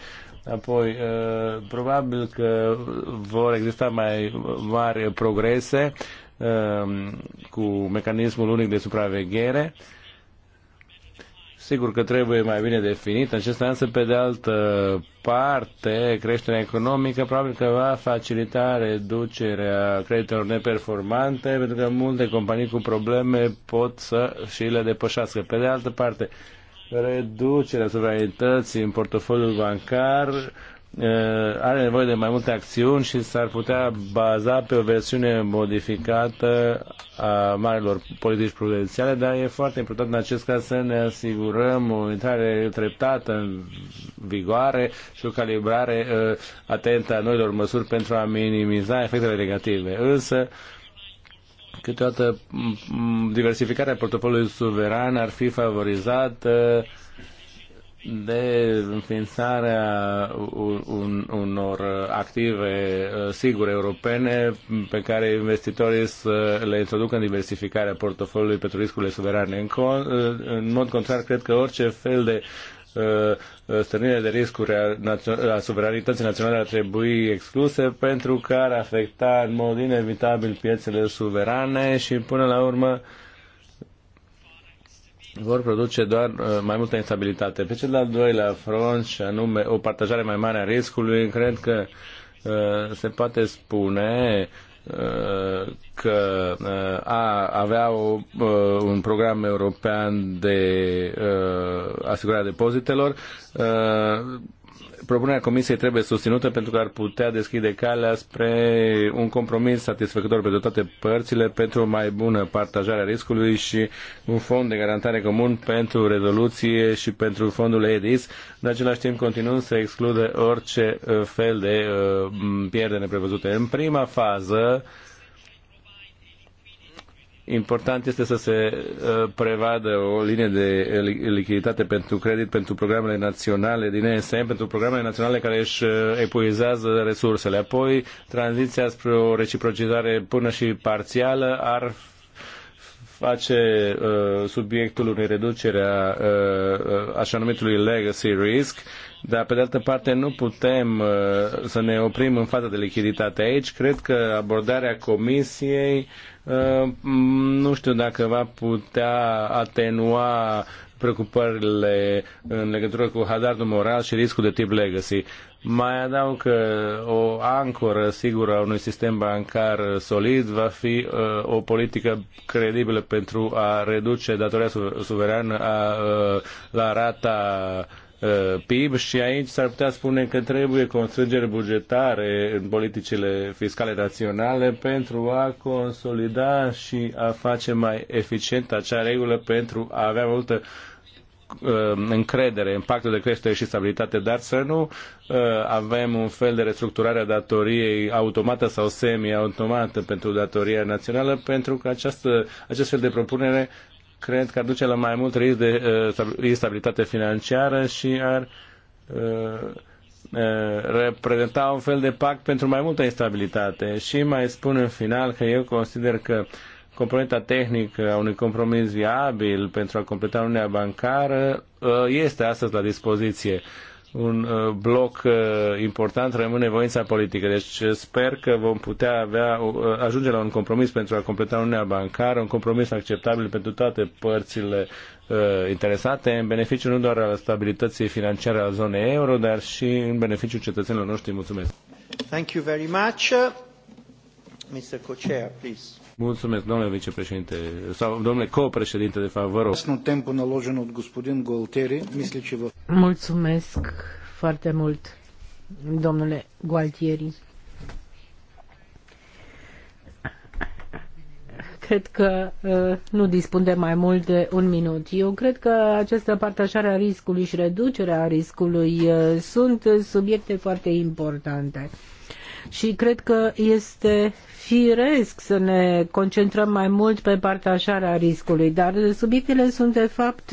Apoi, uh, probabil că vor exista mai mari progrese uh, cu mecanismul unic de supraveghere Sigur că trebuie mai bine definit acesta, însă pe de altă parte, creșterea economică probabil că va facilita reducerea creditelor neperformante, pentru că multe companii cu probleme pot să și le depășească. Pe de altă parte, reducerea suveranității în portofoliul bancar are nevoie de mai multe acțiuni și s-ar putea baza pe o versiune modificată a marilor politici prudențiale, dar e foarte important în acest caz să ne asigurăm o intrare treptată în vigoare și o calibrare atentă a noilor măsuri pentru a minimiza efectele negative. Însă, câteodată diversificarea portofoliului suveran ar fi favorizată de înființarea un, unor active uh, sigure europene pe care investitorii să le introducă în diversificarea portofoliului pentru riscurile suverane. În, con, uh, în mod contrar, cred că orice fel de uh, stărnire de riscuri a, a suveranității naționale ar trebui excluse pentru că ar afecta în mod inevitabil piețele suverane și până la urmă uh, vor produce doar uh, mai multă instabilitate. Pe cel de-al doilea front, și anume o partajare mai mare a riscului, cred că uh, se poate spune uh, că a avea o, un program european de asigurare depozitelor propunerea Comisiei trebuie susținută pentru că ar putea deschide calea spre un compromis satisfăcător pentru toate părțile, pentru o mai bună partajare a riscului și un fond de garantare comun pentru rezoluție și pentru fondul EDIS, în același timp continuăm să excludă orice uh, fel de uh, pierdere neprevăzute. În prima fază, Important este să se uh, prevadă o linie de lichiditate pentru credit pentru programele naționale din ESM, pentru programele naționale care își uh, epuizează resursele. Apoi, tranziția spre o reciprocizare până și parțială ar face uh, subiectul unei reducere a uh, uh, așa numitului legacy risk dar, pe de altă parte, nu putem uh, să ne oprim în fața de lichiditate aici. Cred că abordarea Comisiei uh, nu știu dacă va putea atenua preocupările în legătură cu hazardul moral și riscul de tip legacy. Mai adaug că o ancoră sigură a unui sistem bancar solid va fi uh, o politică credibilă pentru a reduce datoria suverană a, uh, la rata Uh, PIB și aici s-ar putea spune că trebuie constrângere bugetare în politicile fiscale naționale pentru a consolida și a face mai eficient acea regulă pentru a avea multă uh, încredere în pactul de creștere și stabilitate, dar să nu uh, avem un fel de restructurare a datoriei automată sau semi-automată pentru datoria națională, pentru că această, acest fel de propunere cred că ar duce la mai mult risc de uh, instabilitate financiară și ar uh, uh, reprezenta un fel de pact pentru mai multă instabilitate. Și mai spun în final că eu consider că componenta tehnică a unui compromis viabil pentru a completa Uniunea Bancară uh, este astăzi la dispoziție. Uh, un uh, bloc uh, important rămâne voința politică. Deci uh, sper că vom putea avea, ajunge la un compromis pentru a completa Uniunea Bancară, un compromis acceptabil pentru toate părțile interesate, în beneficiu nu doar al stabilității financiare a zonei euro, dar și în beneficiul cetățenilor noștri. Mulțumesc! Thank you very much. Mr. Co-Chair, please. Mulțumesc, domnule vicepreședinte, sau domnule copreședinte, de fapt, vă rog. Mulțumesc foarte mult, domnule Gualtieri. Cred că uh, nu dispun de mai mult de un minut. Eu cred că această partajare a riscului și reducerea riscului uh, sunt subiecte foarte importante și cred că este firesc să ne concentrăm mai mult pe partajarea riscului, dar subiectele sunt de fapt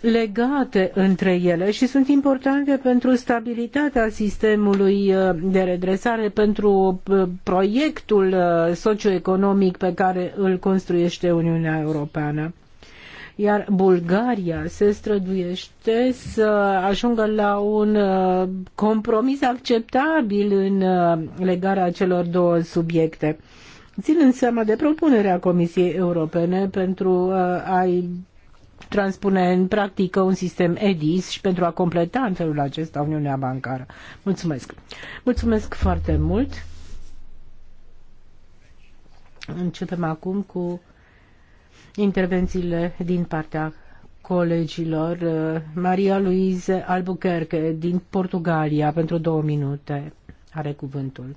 legate între ele și sunt importante pentru stabilitatea sistemului uh, de redresare, pentru uh, proiectul uh, socioeconomic pe care îl construiește Uniunea Europeană iar Bulgaria se străduiește să ajungă la un uh, compromis acceptabil în uh, legarea celor două subiecte. Ținând seama de propunerea Comisiei Europene pentru uh, a-i transpune în practică un sistem EDIS și pentru a completa în felul acesta Uniunea Bancară. Mulțumesc! Mulțumesc foarte mult! Începem acum cu intervențiile din partea colegilor. Uh, Maria Luise Albuquerque din Portugalia pentru două minute are cuvântul.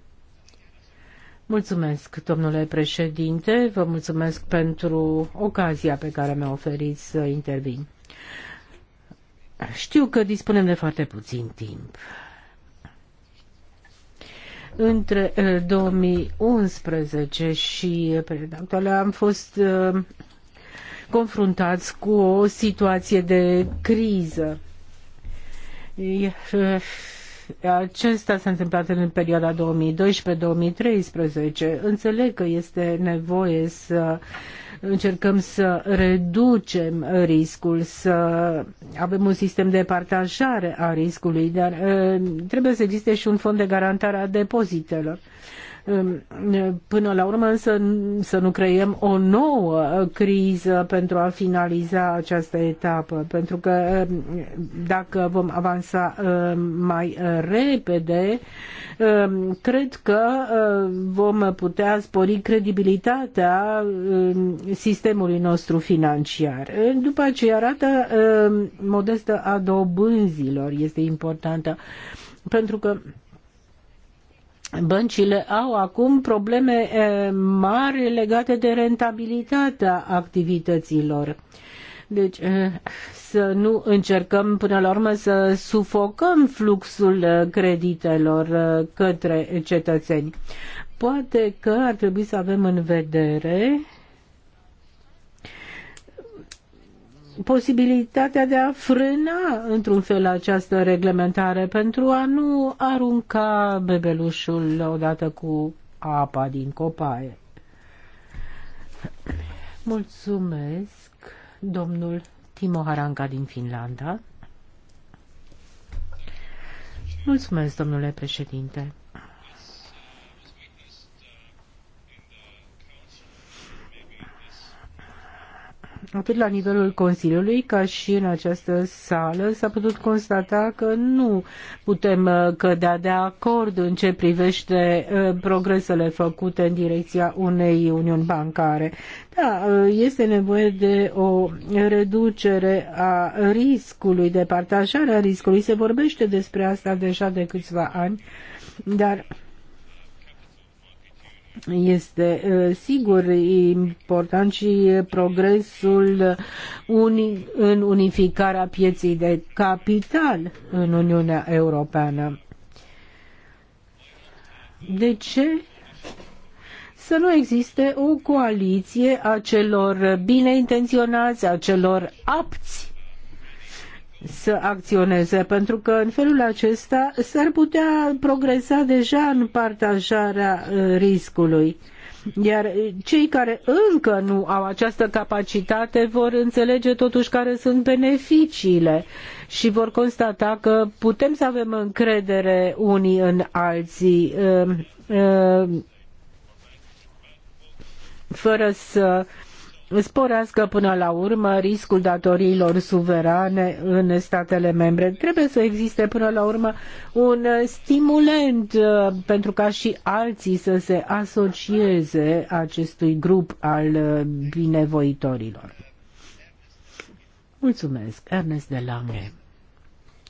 Mulțumesc, domnule președinte, vă mulțumesc pentru ocazia pe care mi-a oferit să intervin. Știu că dispunem de foarte puțin timp. Între 2011 uh, și uh, perioada am fost confruntați cu o situație de criză. Acesta s-a întâmplat în perioada 2012-2013. Înțeleg că este nevoie să încercăm să reducem riscul, să avem un sistem de partajare a riscului, dar trebuie să existe și un fond de garantare a depozitelor. Până la urmă însă să nu creăm o nouă criză pentru a finaliza această etapă, pentru că dacă vom avansa uh, mai repede, uh, cred că uh, vom putea spori credibilitatea sistemului nostru financiar. După aceea arată modestă a dobânzilor este importantă, pentru că Băncile au acum probleme eh, mari legate de rentabilitatea activităților. Deci eh, să nu încercăm până la urmă să sufocăm fluxul eh, creditelor către cetățeni. Poate că ar trebui să avem în vedere posibilitatea de a frâna într-un fel această reglementare pentru a nu arunca bebelușul odată cu apa din copaie. Mulțumesc, domnul Timo Haranca din Finlanda. Mulțumesc, domnule președinte. atât la nivelul Consiliului, ca și în această sală, s-a putut constata că nu putem uh, cădea de acord în ce privește uh, progresele făcute în direcția unei uniuni bancare. Da, uh, este nevoie de o reducere a riscului, de partajare a riscului. Se vorbește despre asta deja de câțiva ani, dar este sigur important și progresul uni, în unificarea pieței de capital în Uniunea Europeană. De ce să nu existe o coaliție a celor bine intenționați, a celor apți să acționeze, pentru că în felul acesta s-ar putea progresa deja în partajarea uh, riscului. Iar uh, cei care încă nu au această capacitate vor înțelege totuși care sunt beneficiile și vor constata că putem să avem încredere unii în alții uh, fără să sporească până la urmă riscul datoriilor suverane în statele membre. Trebuie să existe până la urmă un stimulent uh, pentru ca și alții să se asocieze acestui grup al uh, binevoitorilor. Mulțumesc, Ernest de Lange.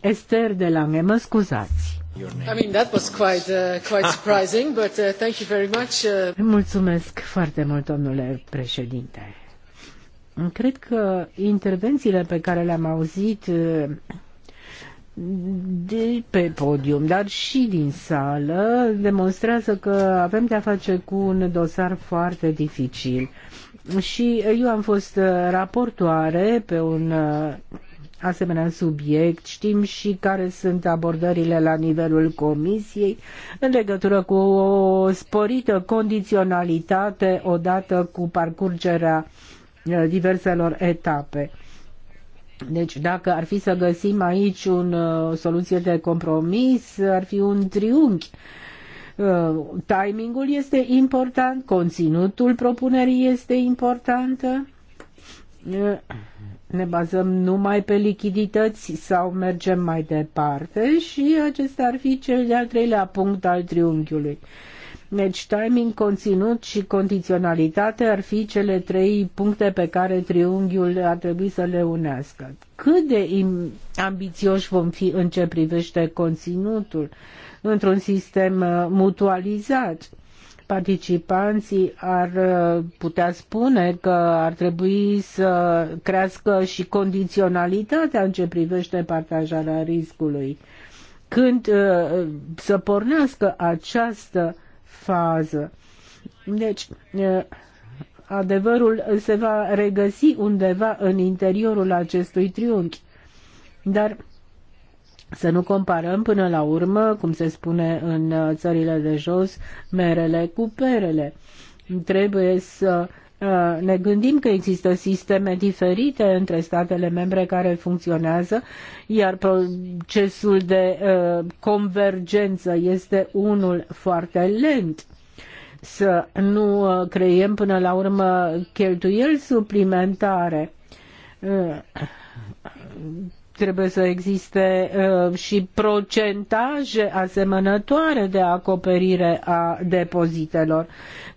Esther de Lange, mă scuzați. I mean, that was quite, uh, quite surprising, but uh, thank you very much. Uh... Mulțumesc foarte mult, domnule președinte. Cred că intervențiile pe care le-am auzit eh, de pe podium, dar și din sală, demonstrează că avem de-a face cu un dosar foarte dificil. Și eu am fost raportoare pe un eh, asemenea subiect, știm și care sunt abordările la nivelul comisiei în legătură cu o sporită condiționalitate odată cu parcurgerea uh, Eh, diverselor etape. Deci dacă ar fi să găsim aici un, o eh, soluție de compromis, ar fi un triunghi. Eh, timingul este important, conținutul propunerii este important. Ne bazăm numai pe lichidități sau mergem mai departe și acesta ar fi cel de-al treilea punct al triunghiului. Deci timing, conținut și condiționalitate ar fi cele trei puncte pe care triunghiul ar trebui să le unească. Cât de ambițioși vom fi în ce privește conținutul într-un sistem uh, mutualizat? Participanții ar uh, putea spune că ar trebui să crească și condiționalitatea în ce privește partajarea riscului. Când uh, să pornească această fază. Deci, adevărul se va regăsi undeva în interiorul acestui triunghi. Dar să nu comparăm până la urmă, cum se spune în uh, țările de jos, merele cu perele. Trebuie să Uh, ne gândim că există sisteme diferite între statele membre care funcționează, iar procesul de uh, convergență este unul foarte lent să nu uh, creiem până la urmă cheltuieli suplimentare trebuie să existe uh, și procentaje asemănătoare de acoperire a depozitelor,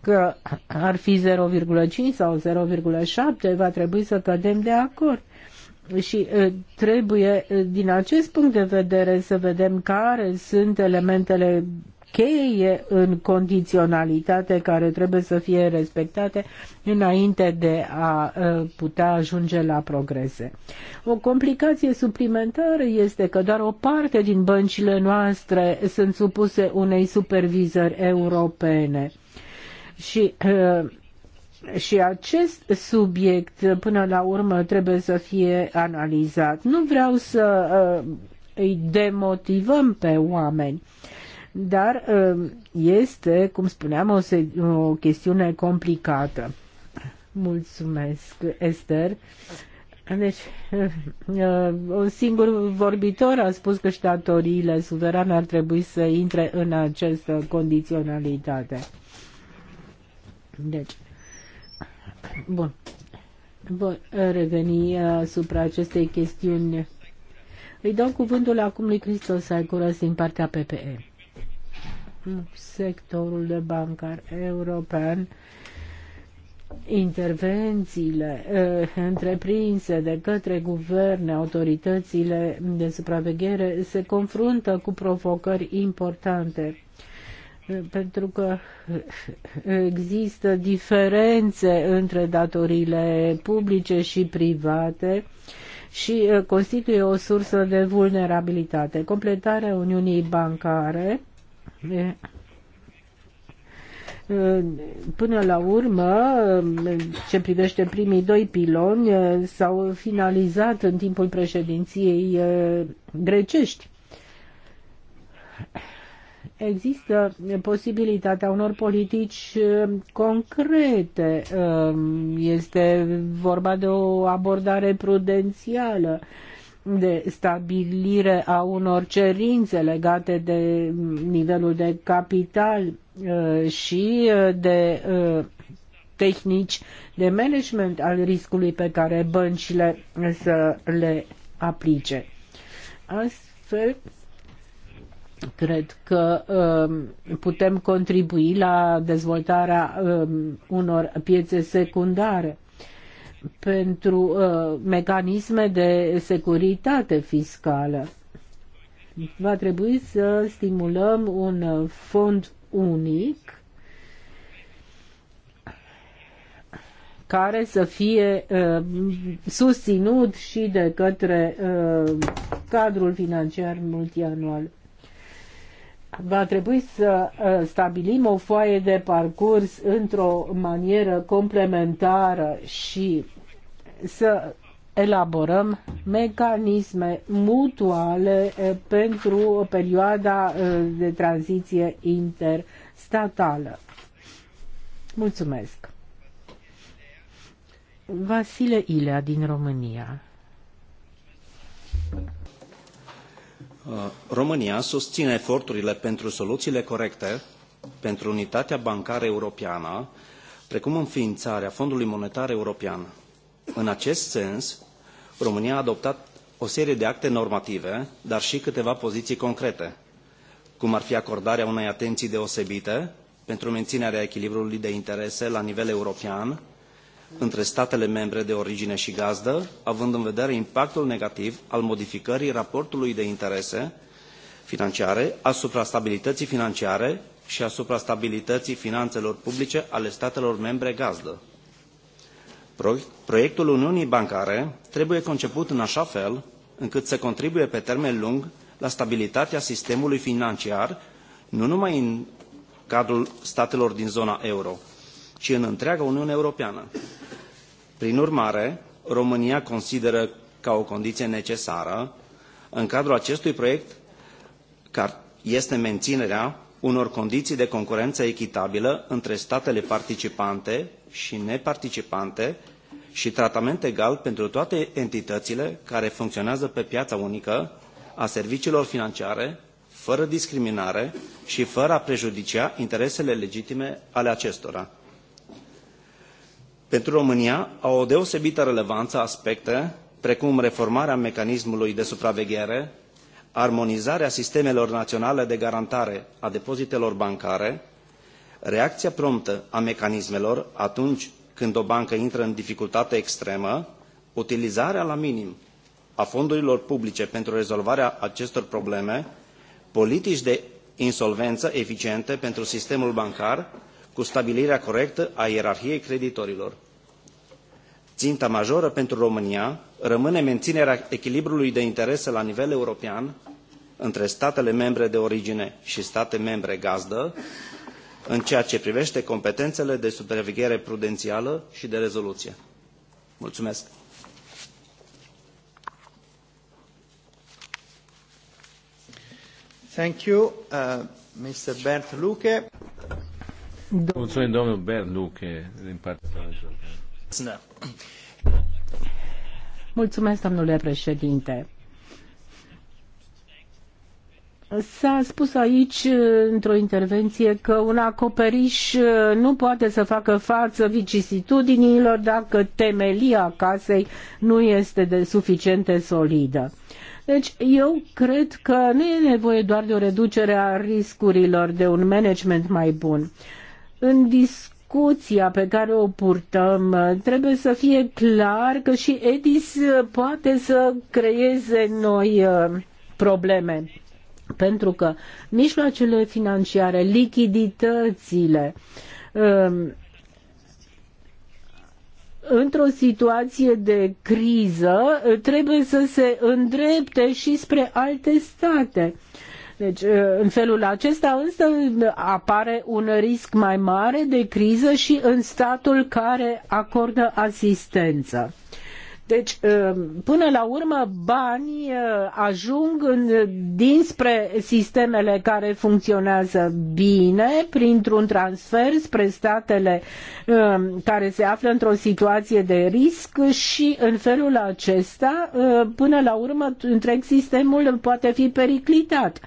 că ar fi 0,5 sau 0,7, va trebui să cădem de acord. Și uh, trebuie, uh, din acest punct de vedere, să vedem care sunt elementele cheie în condiționalitate care trebuie să fie respectate înainte de a uh, putea ajunge la progrese. O complicație suplimentară este că doar o parte din băncile noastre sunt supuse unei supervizări europene. Și uh, și acest subiect, până la urmă, trebuie să fie analizat. Nu vreau să uh, îi demotivăm pe oameni, dar ă, este, cum spuneam, o, se- o chestiune complicată. Mulțumesc, Esther. Deci, ă, ă, un singur vorbitor a spus că statoriile suverane ar trebui să intre în această condiționalitate. Deci, bun. Voi reveni asupra acestei chestiuni. Îi dau cuvântul acum lui Cristos Aicuras din partea PPE sectorul de bancar european, intervențiile uh, întreprinse de către guverne, autoritățile de supraveghere se confruntă cu provocări importante eh, pentru că eh, există diferențe între datoriile publice și private și constituie o sursă de vulnerabilitate. Completarea Uniunii Bancare Până la urmă, ce privește primii doi piloni, s-au finalizat în timpul președinției eh, grecești. Există posibilitatea unor politici eh, concrete. Eh, este vorba de o abordare prudențială de stabilire a unor cerințe legate de nivelul de capital uh, și uh, de uh, tehnici de management al riscului pe care băncile să le aplice. Astfel, cred că um, putem contribui la dezvoltarea um, unor piețe secundare pentru uh, mecanisme de securitate fiscală. Va trebui să stimulăm un fond unic care să fie uh, susținut și de către uh, cadrul financiar multianual va trebui să ă, stabilim o foaie de parcurs într-o manieră complementară și să elaborăm mecanisme mutuale ă, pentru perioada ă, de tranziție interstatală. Mulțumesc! Vasile Ilea din România Uh, România susține eforturile pentru soluțiile corecte pentru unitatea bancară europeană, precum înființarea Fondului Monetar European. În acest sens, România a adoptat o serie de acte normative, dar și câteva poziții concrete, cum ar fi acordarea unei atenții deosebite pentru menținerea echilibrului de interese la nivel european între statele membre de origine și gazdă, având în vedere impactul negativ al modificării raportului de interese financiare asupra stabilității financiare și asupra stabilității finanțelor publice ale statelor membre gazdă. Proiectul Uniunii Bancare trebuie conceput în așa fel încât să contribuie pe termen lung la stabilitatea sistemului financiar, nu numai în cadrul statelor din zona euro, ci în întreaga Uniune Europeană. Prin urmare, România consideră ca o condiție necesară în cadrul acestui proiect care este menținerea unor condiții de concurență echitabilă între statele participante și neparticipante și tratament egal pentru toate entitățile care funcționează pe piața unică a serviciilor financiare, fără discriminare și fără a prejudicia interesele legitime ale acestora. Pentru România au o deosebită relevanță aspecte precum reformarea mecanismului de supraveghere, armonizarea sistemelor naționale de garantare a depozitelor bancare, reacția promptă a mecanismelor atunci când o bancă intră în dificultate extremă, utilizarea la minim a fondurilor publice pentru rezolvarea acestor probleme, politici de insolvență eficiente pentru sistemul bancar, cu stabilirea corectă a ierarhiei creditorilor. Ținta majoră pentru România rămâne menținerea echilibrului de interese la nivel european între statele membre de origine și state membre gazdă, în ceea ce privește competențele de supraveghere prudențială și de rezoluție. Mulțumesc! Thank you, uh, Mr. Luke. Mulțumim, domnul Luke, din partea da. Mulțumesc, S-a spus aici, într-o intervenție, că un acoperiș nu poate să facă față vicisitudinilor dacă temelia casei nu este de suficient de solidă. Deci eu cred că nu e nevoie doar de o reducere a riscurilor, de un management mai bun. În discuție discuția pe care o purtăm. Trebuie să fie clar că și EDIS poate să creeze noi uh, probleme. Pentru că mijloacele financiare, lichiditățile, um, într-o situație de criză trebuie să se îndrepte și spre alte state. Deci, uh, în felul acesta însă apare un risc mai mare de criză și în statul care acordă asistență. Deci, ă, până la urmă, banii ă, ajung în, dinspre sistemele care funcționează bine, printr-un transfer spre statele ă, care se află într-o situație de risc și în felul acesta, până la urmă, întreg sistemul poate fi periclitat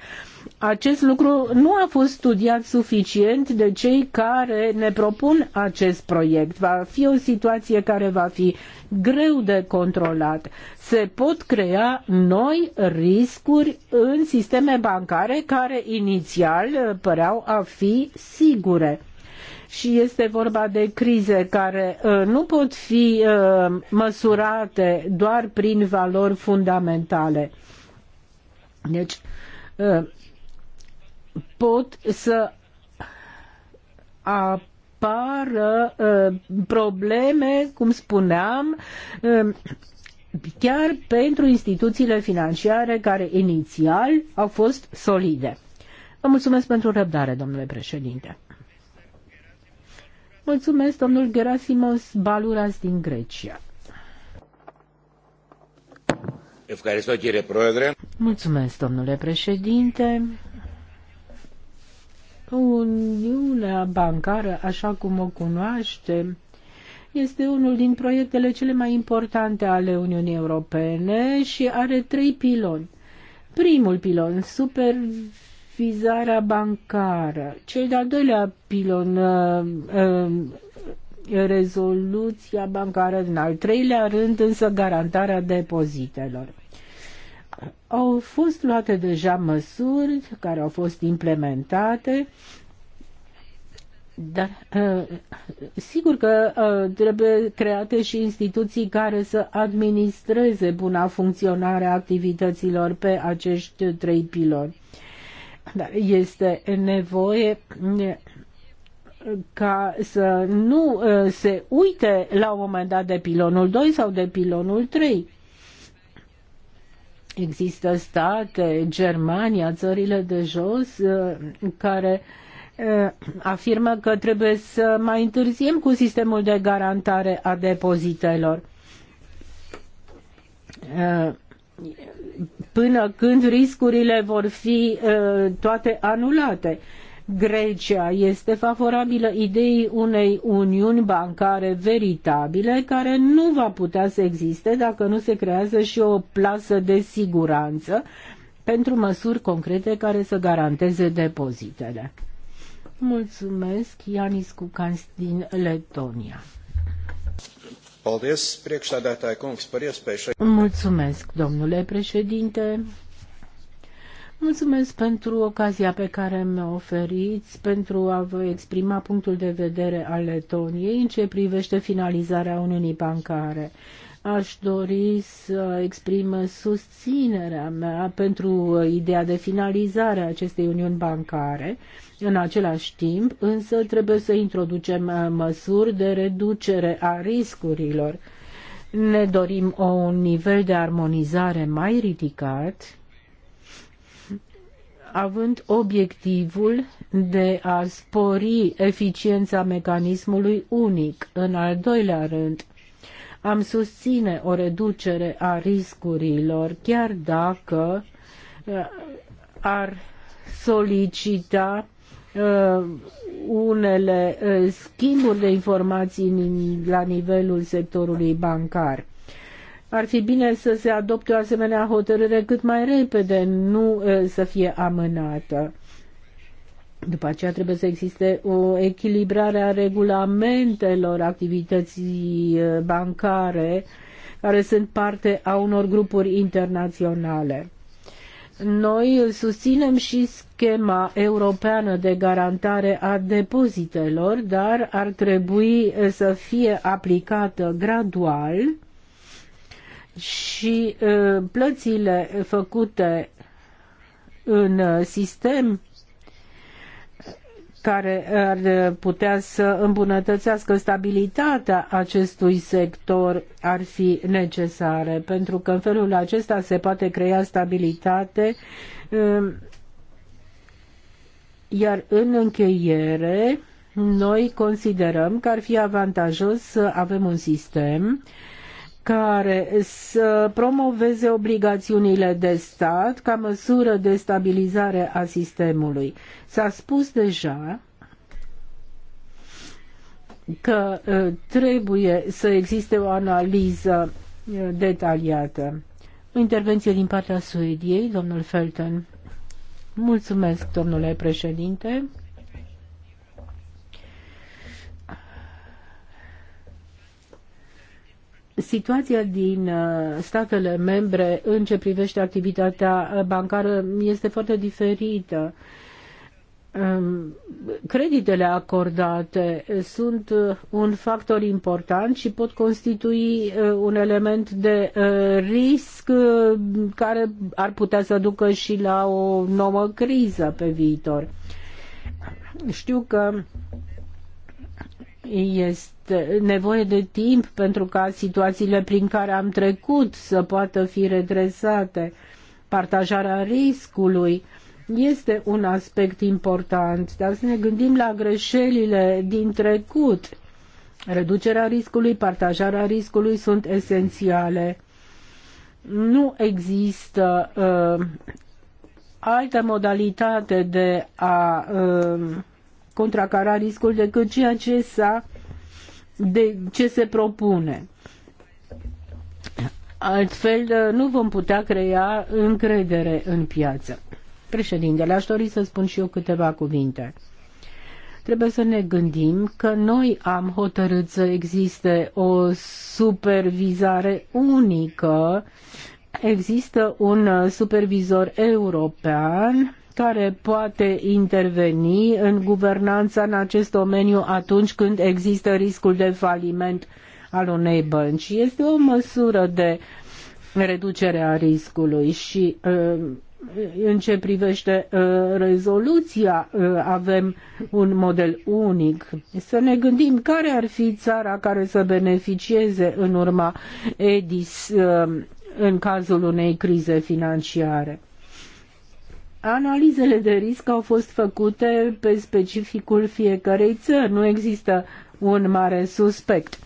acest lucru nu a fost studiat suficient de cei care ne propun acest proiect. Va fi o situație care va fi greu de controlat. Se pot crea noi riscuri în sisteme bancare care inițial păreau a fi sigure și este vorba de crize care uh, nu pot fi uh, măsurate doar prin valori fundamentale. Deci, uh, pot să apară uh, probleme, cum spuneam, uh, chiar pentru instituțiile financiare care inițial au fost solide. Vă mulțumesc pentru răbdare, domnule președinte. Mulțumesc, domnul Gerasimos Baluras din Grecia. Mulțumesc, domnule președinte. Uniunea bancară, așa cum o cunoaștem, este unul din proiectele cele mai importante ale Uniunii Europene și are trei piloni. Primul pilon, supervizarea bancară. Cel de-al doilea pilon, uh, uh, rezoluția bancară. În al treilea rând, însă, garantarea depozitelor au fost luate deja măsuri care au fost implementate, dar uh, sigur că uh, trebuie create și instituții care să administreze buna funcționare a activităților pe acești trei piloni. Dar este nevoie uh, ca să nu se uite la un moment dat de pilonul 2 sau de pilonul 3 Există state, Germania, țările de jos, uh, care uh, afirmă că trebuie să mai întârziem cu sistemul de garantare a depozitelor uh, până când riscurile vor fi toate anulate. Grecia este favorabilă ideii unei uniuni bancare veritabile care nu va putea să existe dacă nu se creează și o plasă de siguranță pentru măsuri concrete care să garanteze depozitele. Mulțumesc, Ianis Cucans din Letonia. Mulțumesc, domnule președinte. Mulțumesc pentru ocazia pe care mi-o oferiți pentru a vă exprima punctul de vedere al Letoniei în ce privește finalizarea Uniunii Bancare. Aș dori să exprim susținerea mea pentru ideea de finalizare a acestei uniuni bancare. În același timp, însă, trebuie să introducem măsuri de reducere a riscurilor. Ne dorim un nivel de armonizare mai ridicat având obiectivul de a spori eficiența mecanismului unic. În al doilea rând, am susține o reducere a riscurilor, chiar dacă uh, ar solicita uh, unele uh, schimburi de informații la nivelul sectorului bancar ar fi bine să se adopte o asemenea hotărâre cât mai repede, nu să fie amânată. După aceea trebuie să existe o echilibrare a regulamentelor activității bancare care sunt parte a unor grupuri internaționale. Noi susținem și schema europeană de garantare a depozitelor, dar ar trebui să fie aplicată gradual și uh, plățile făcute în uh, sistem care uh, ar putea să îmbunătățească stabilitatea acestui sector ar fi necesare, pentru că în felul acesta se poate crea stabilitate. Um, iar în încheiere, noi considerăm că ar fi avantajos să avem un sistem uh, care să promoveze obligațiunile de stat ca măsură de stabilizare a sistemului. S-a spus deja că uh, trebuie să existe o analiză uh, detaliată. O intervenție din partea Suediei, domnul Felten. Mulțumesc, domnule președinte. situația din uh, statele membre în ce privește activitatea bancară este foarte diferită. Um, creditele acordate sunt uh, un factor important și pot constitui uh, un element de risc care ar putea să ducă și la o nouă criză pe viitor. Știu că este nevoie de timp pentru ca situațiile prin care am trecut să poată fi redresate. Partajarea riscului este un aspect important, dar să ne gândim la greșelile din trecut. Reducerea riscului, partajarea riscului sunt esențiale. Nu există uh, altă modalitate de a uh, contracara riscul decât ceea ce, s-a, de, ce se propune. Altfel nu vom putea crea încredere în piață. Președintele, aș dori să spun și eu câteva cuvinte. Trebuie să ne gândim că noi am hotărât să existe o supervizare unică. Există un supervizor european care poate interveni în guvernanța în acest domeniu atunci când există riscul de faliment al unei bănci. Este o măsură de reducere a riscului și uh, în ce privește uh, rezoluția uh, avem un model unic. Să ne gândim care ar fi țara care să beneficieze în urma EDIS în cazul unei crize financiare. Analizele de risc au fost făcute pe specificul fiecarei țări. Nu există un mare suspect.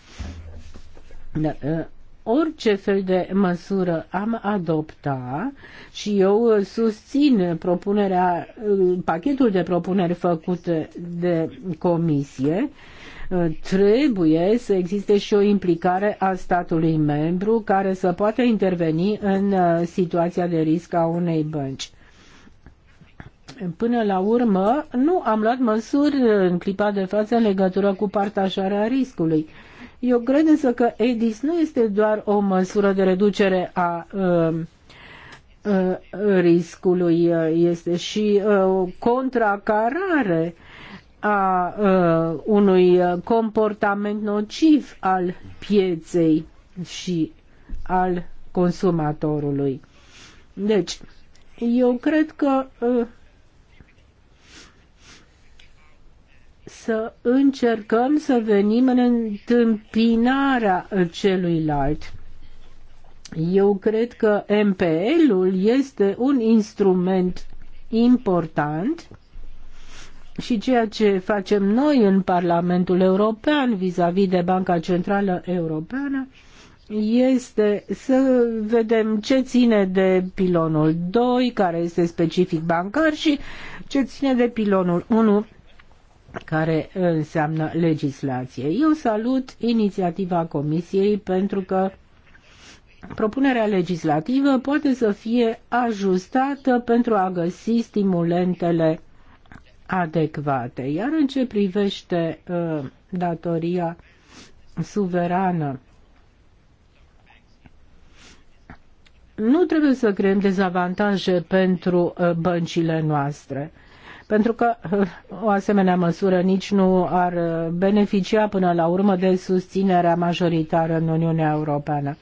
Da, ă, orice fel de măsură am adopta și eu susțin propunerea, pachetul de propuneri făcute de comisie, ă, trebuie să existe și o implicare a statului membru care să poată interveni în ă, situația de risc a unei bănci. Până la urmă, nu am luat măsuri în clipa de față în legătură cu partajarea riscului. Eu cred însă că EDIS nu este doar o măsură de reducere a um, uh, riscului, uh, este și uh, o contracarare a unui comportament nociv al pieței și al consumatorului. Deci, eu cred că uh, să încercăm să venim în întâmpinarea celuilalt. Eu cred că MPL-ul este un instrument important și ceea ce facem noi în Parlamentul European vis-a-vis -vis de Banca Centrală Europeană este să vedem ce ține de pilonul 2, care este specific bancar, și ce ține de pilonul 1, care înseamnă legislație. Eu salut inițiativa Comisiei pentru că propunerea legislativă poate să fie ajustată pentru a găsi stimulentele adecvate. Iar în ce privește uh, datoria suverană, nu trebuie să creăm dezavantaje pentru uh, băncile noastre pentru că o asemenea măsură nici nu ar beneficia până la urmă de susținerea majoritară în Uniunea Europeană.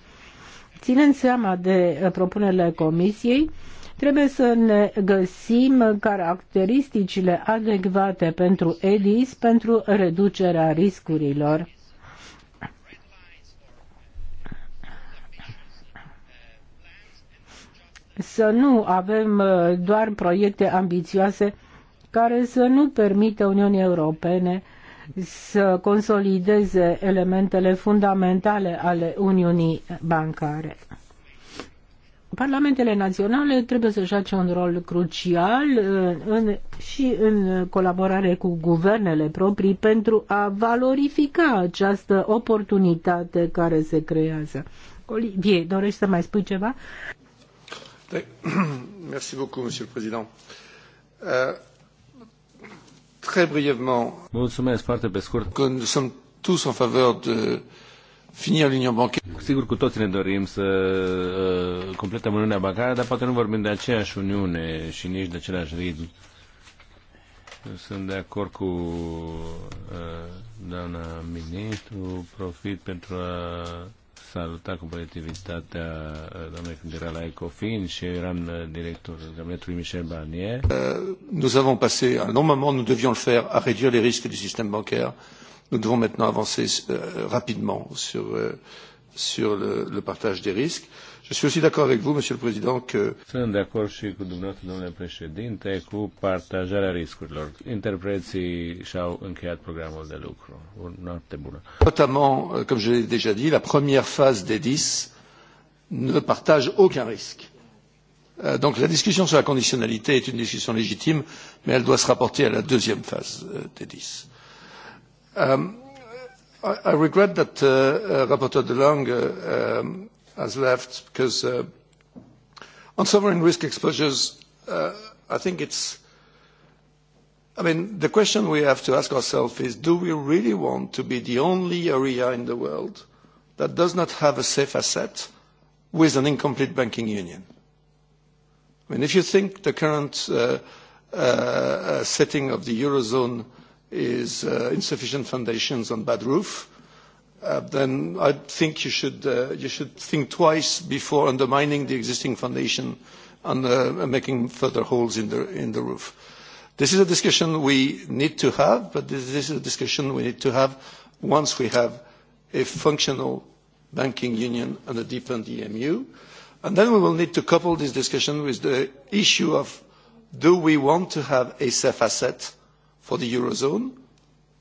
Ținând seama de propunerile Comisiei, trebuie să ne găsim caracteristicile adecvate pentru EDIS pentru reducerea riscurilor. Să nu avem doar proiecte ambițioase care să nu permită Uniunii Europene să consolideze elementele fundamentale ale Uniunii Bancare. Parlamentele naționale trebuie să joace un rol crucial uh, în, și în colaborare cu guvernele proprii pentru a valorifica această oportunitate care se creează. Olivier, dorești să mai spui ceva? Merci beaucoup, monsieur le président. Euh, Très brièvement. Mulțumesc foarte pe scurt. Că sunt tous en faveur de finir l'union bancară. Sigur, cu toți ne dorim să uh, completăm uniunea bancară, dar poate nu vorbim de aceeași uniune și nici de același ritm. sunt de acord cu uh, doamna ministru, profit pentru a salutat cu pozitivitatea când uh, era la Ecofin și eu eram uh, director cabinetului Michel Barnier. Uh, nous avons passé un uh, long moment, nous devions le faire, à réduire les risques du système bancaire. Nous devons maintenant avancer euh, rapidement sur, euh, sur le, le partage des risques. Euh, Je suis aussi d'accord avec vous, Monsieur le Président, că... Sunt de acord și cu dumneavoastră, domnule președinte, cu partajarea riscurilor. Interpreții și-au încheiat programul de lucru. O noapte bună. Notamment, euh, comme je l'ai déjà dit, la première phase des 10 ne partage aucun risque. Euh, donc la discussion sur la conditionnalité est une discussion légitime, mais elle doit se rapporter à la deuxième phase euh, des 10. Um, I, I regret that uh, uh, Rapporteur de Langue um, has left because uh, on sovereign risk exposures, uh, I think it's I mean, the question we have to ask ourselves is, do we really want to be the only area in the world that does not have a safe asset with an incomplete banking union? I mean, if you think the current uh, uh, uh setting of the Eurozone is uh, insufficient foundations on bad roof, Uh, then I think you should, uh, you should think twice before undermining the existing foundation and uh, making further holes in the, in the roof. This is a discussion we need to have, but this, this is a discussion we need to have once we have a functional banking union and a deepened EMU. And then we will need to couple this discussion with the issue of do we want to have a safe asset for the Eurozone?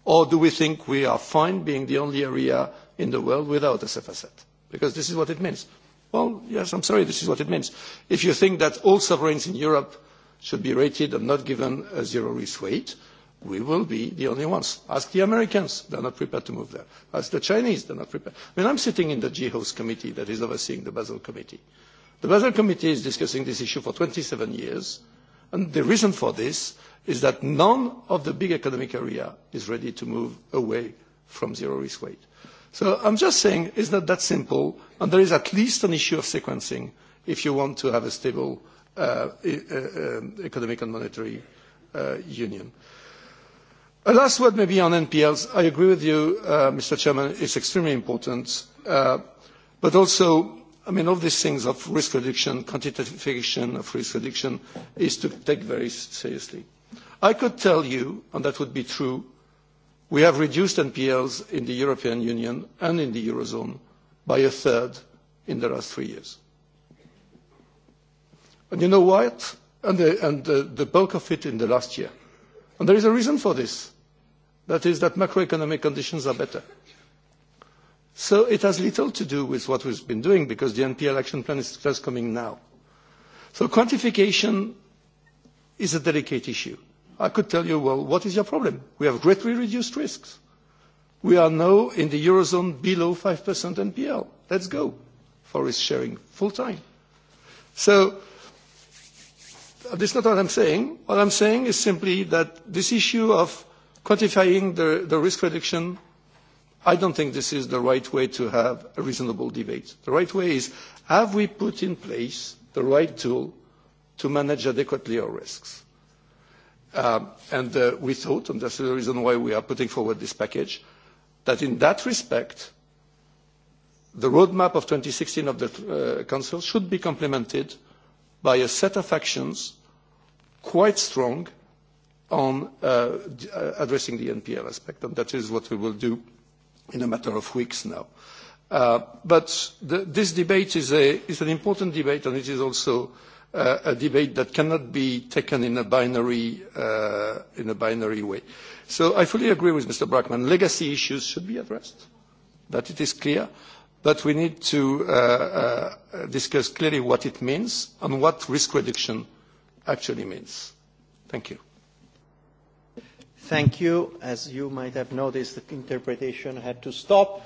Or do we think we are fine being the only area in the world without a SFSET? Because this is what it means. Well, yes, I'm sorry, this is what it means. If you think that all sovereigns in Europe should be rated and not given a zero risk weight, we will be the only ones. Ask the Americans, they're not prepared to move there. Ask the Chinese, they're not prepared. I mean, I'm sitting in the G-Host committee that is overseeing the Basel Committee. The Basel Committee is discussing this issue for 27 years, and the reason for this is that none of the big economic area is ready to move away from zero risk weight. So I'm just saying it's not that simple, and there is at least an issue of sequencing if you want to have a stable uh, economic um, and monetary uh, union. A last word maybe on NPLs. I agree with you, uh, Mr. Chairman, it's extremely important. Uh, but also, I mean, all these things of risk reduction, quantification of risk reduction is to take very seriously. I could tell you, and that would be true, we have reduced NPLs in the European Union and in the Eurozone by a third in the last three years. And you know what? And, the, bulk of it in the last year. And there is a reason for this. That is that macroeconomic conditions are better. So it has little to do with what we've been doing because the NPL action plan is just coming now. So quantification is a delicate issue. I could tell you, well, what is your problem? We have greatly reduced risks. We are now in the Eurozone below 5% NPL. Let's go for risk sharing full time. So this is not what I'm saying. What I'm saying is simply that this issue of quantifying the, the risk reduction, I don't think this is the right way to have a reasonable debate. The right way is, have we put in place the right tool to manage adequately our risks? Uh, and uh, we thought, and that's the reason why we are putting forward this package, that in that respect, the roadmap of 2016 of the uh, Council should be complemented by a set of actions quite strong on addressing the NPL aspect, and that is what we will do in a matter of weeks now. but this debate is, an important debate, and it is also uh, a debate that cannot be taken in a binary uh, in a binary way. So I fully agree with Mr. Brackman. Legacy issues should be addressed. That it is clear, but we need to uh, uh, discuss clearly what it means and what risk reduction actually means. Thank you. Thank you. As you might have noticed, the interpretation had to stop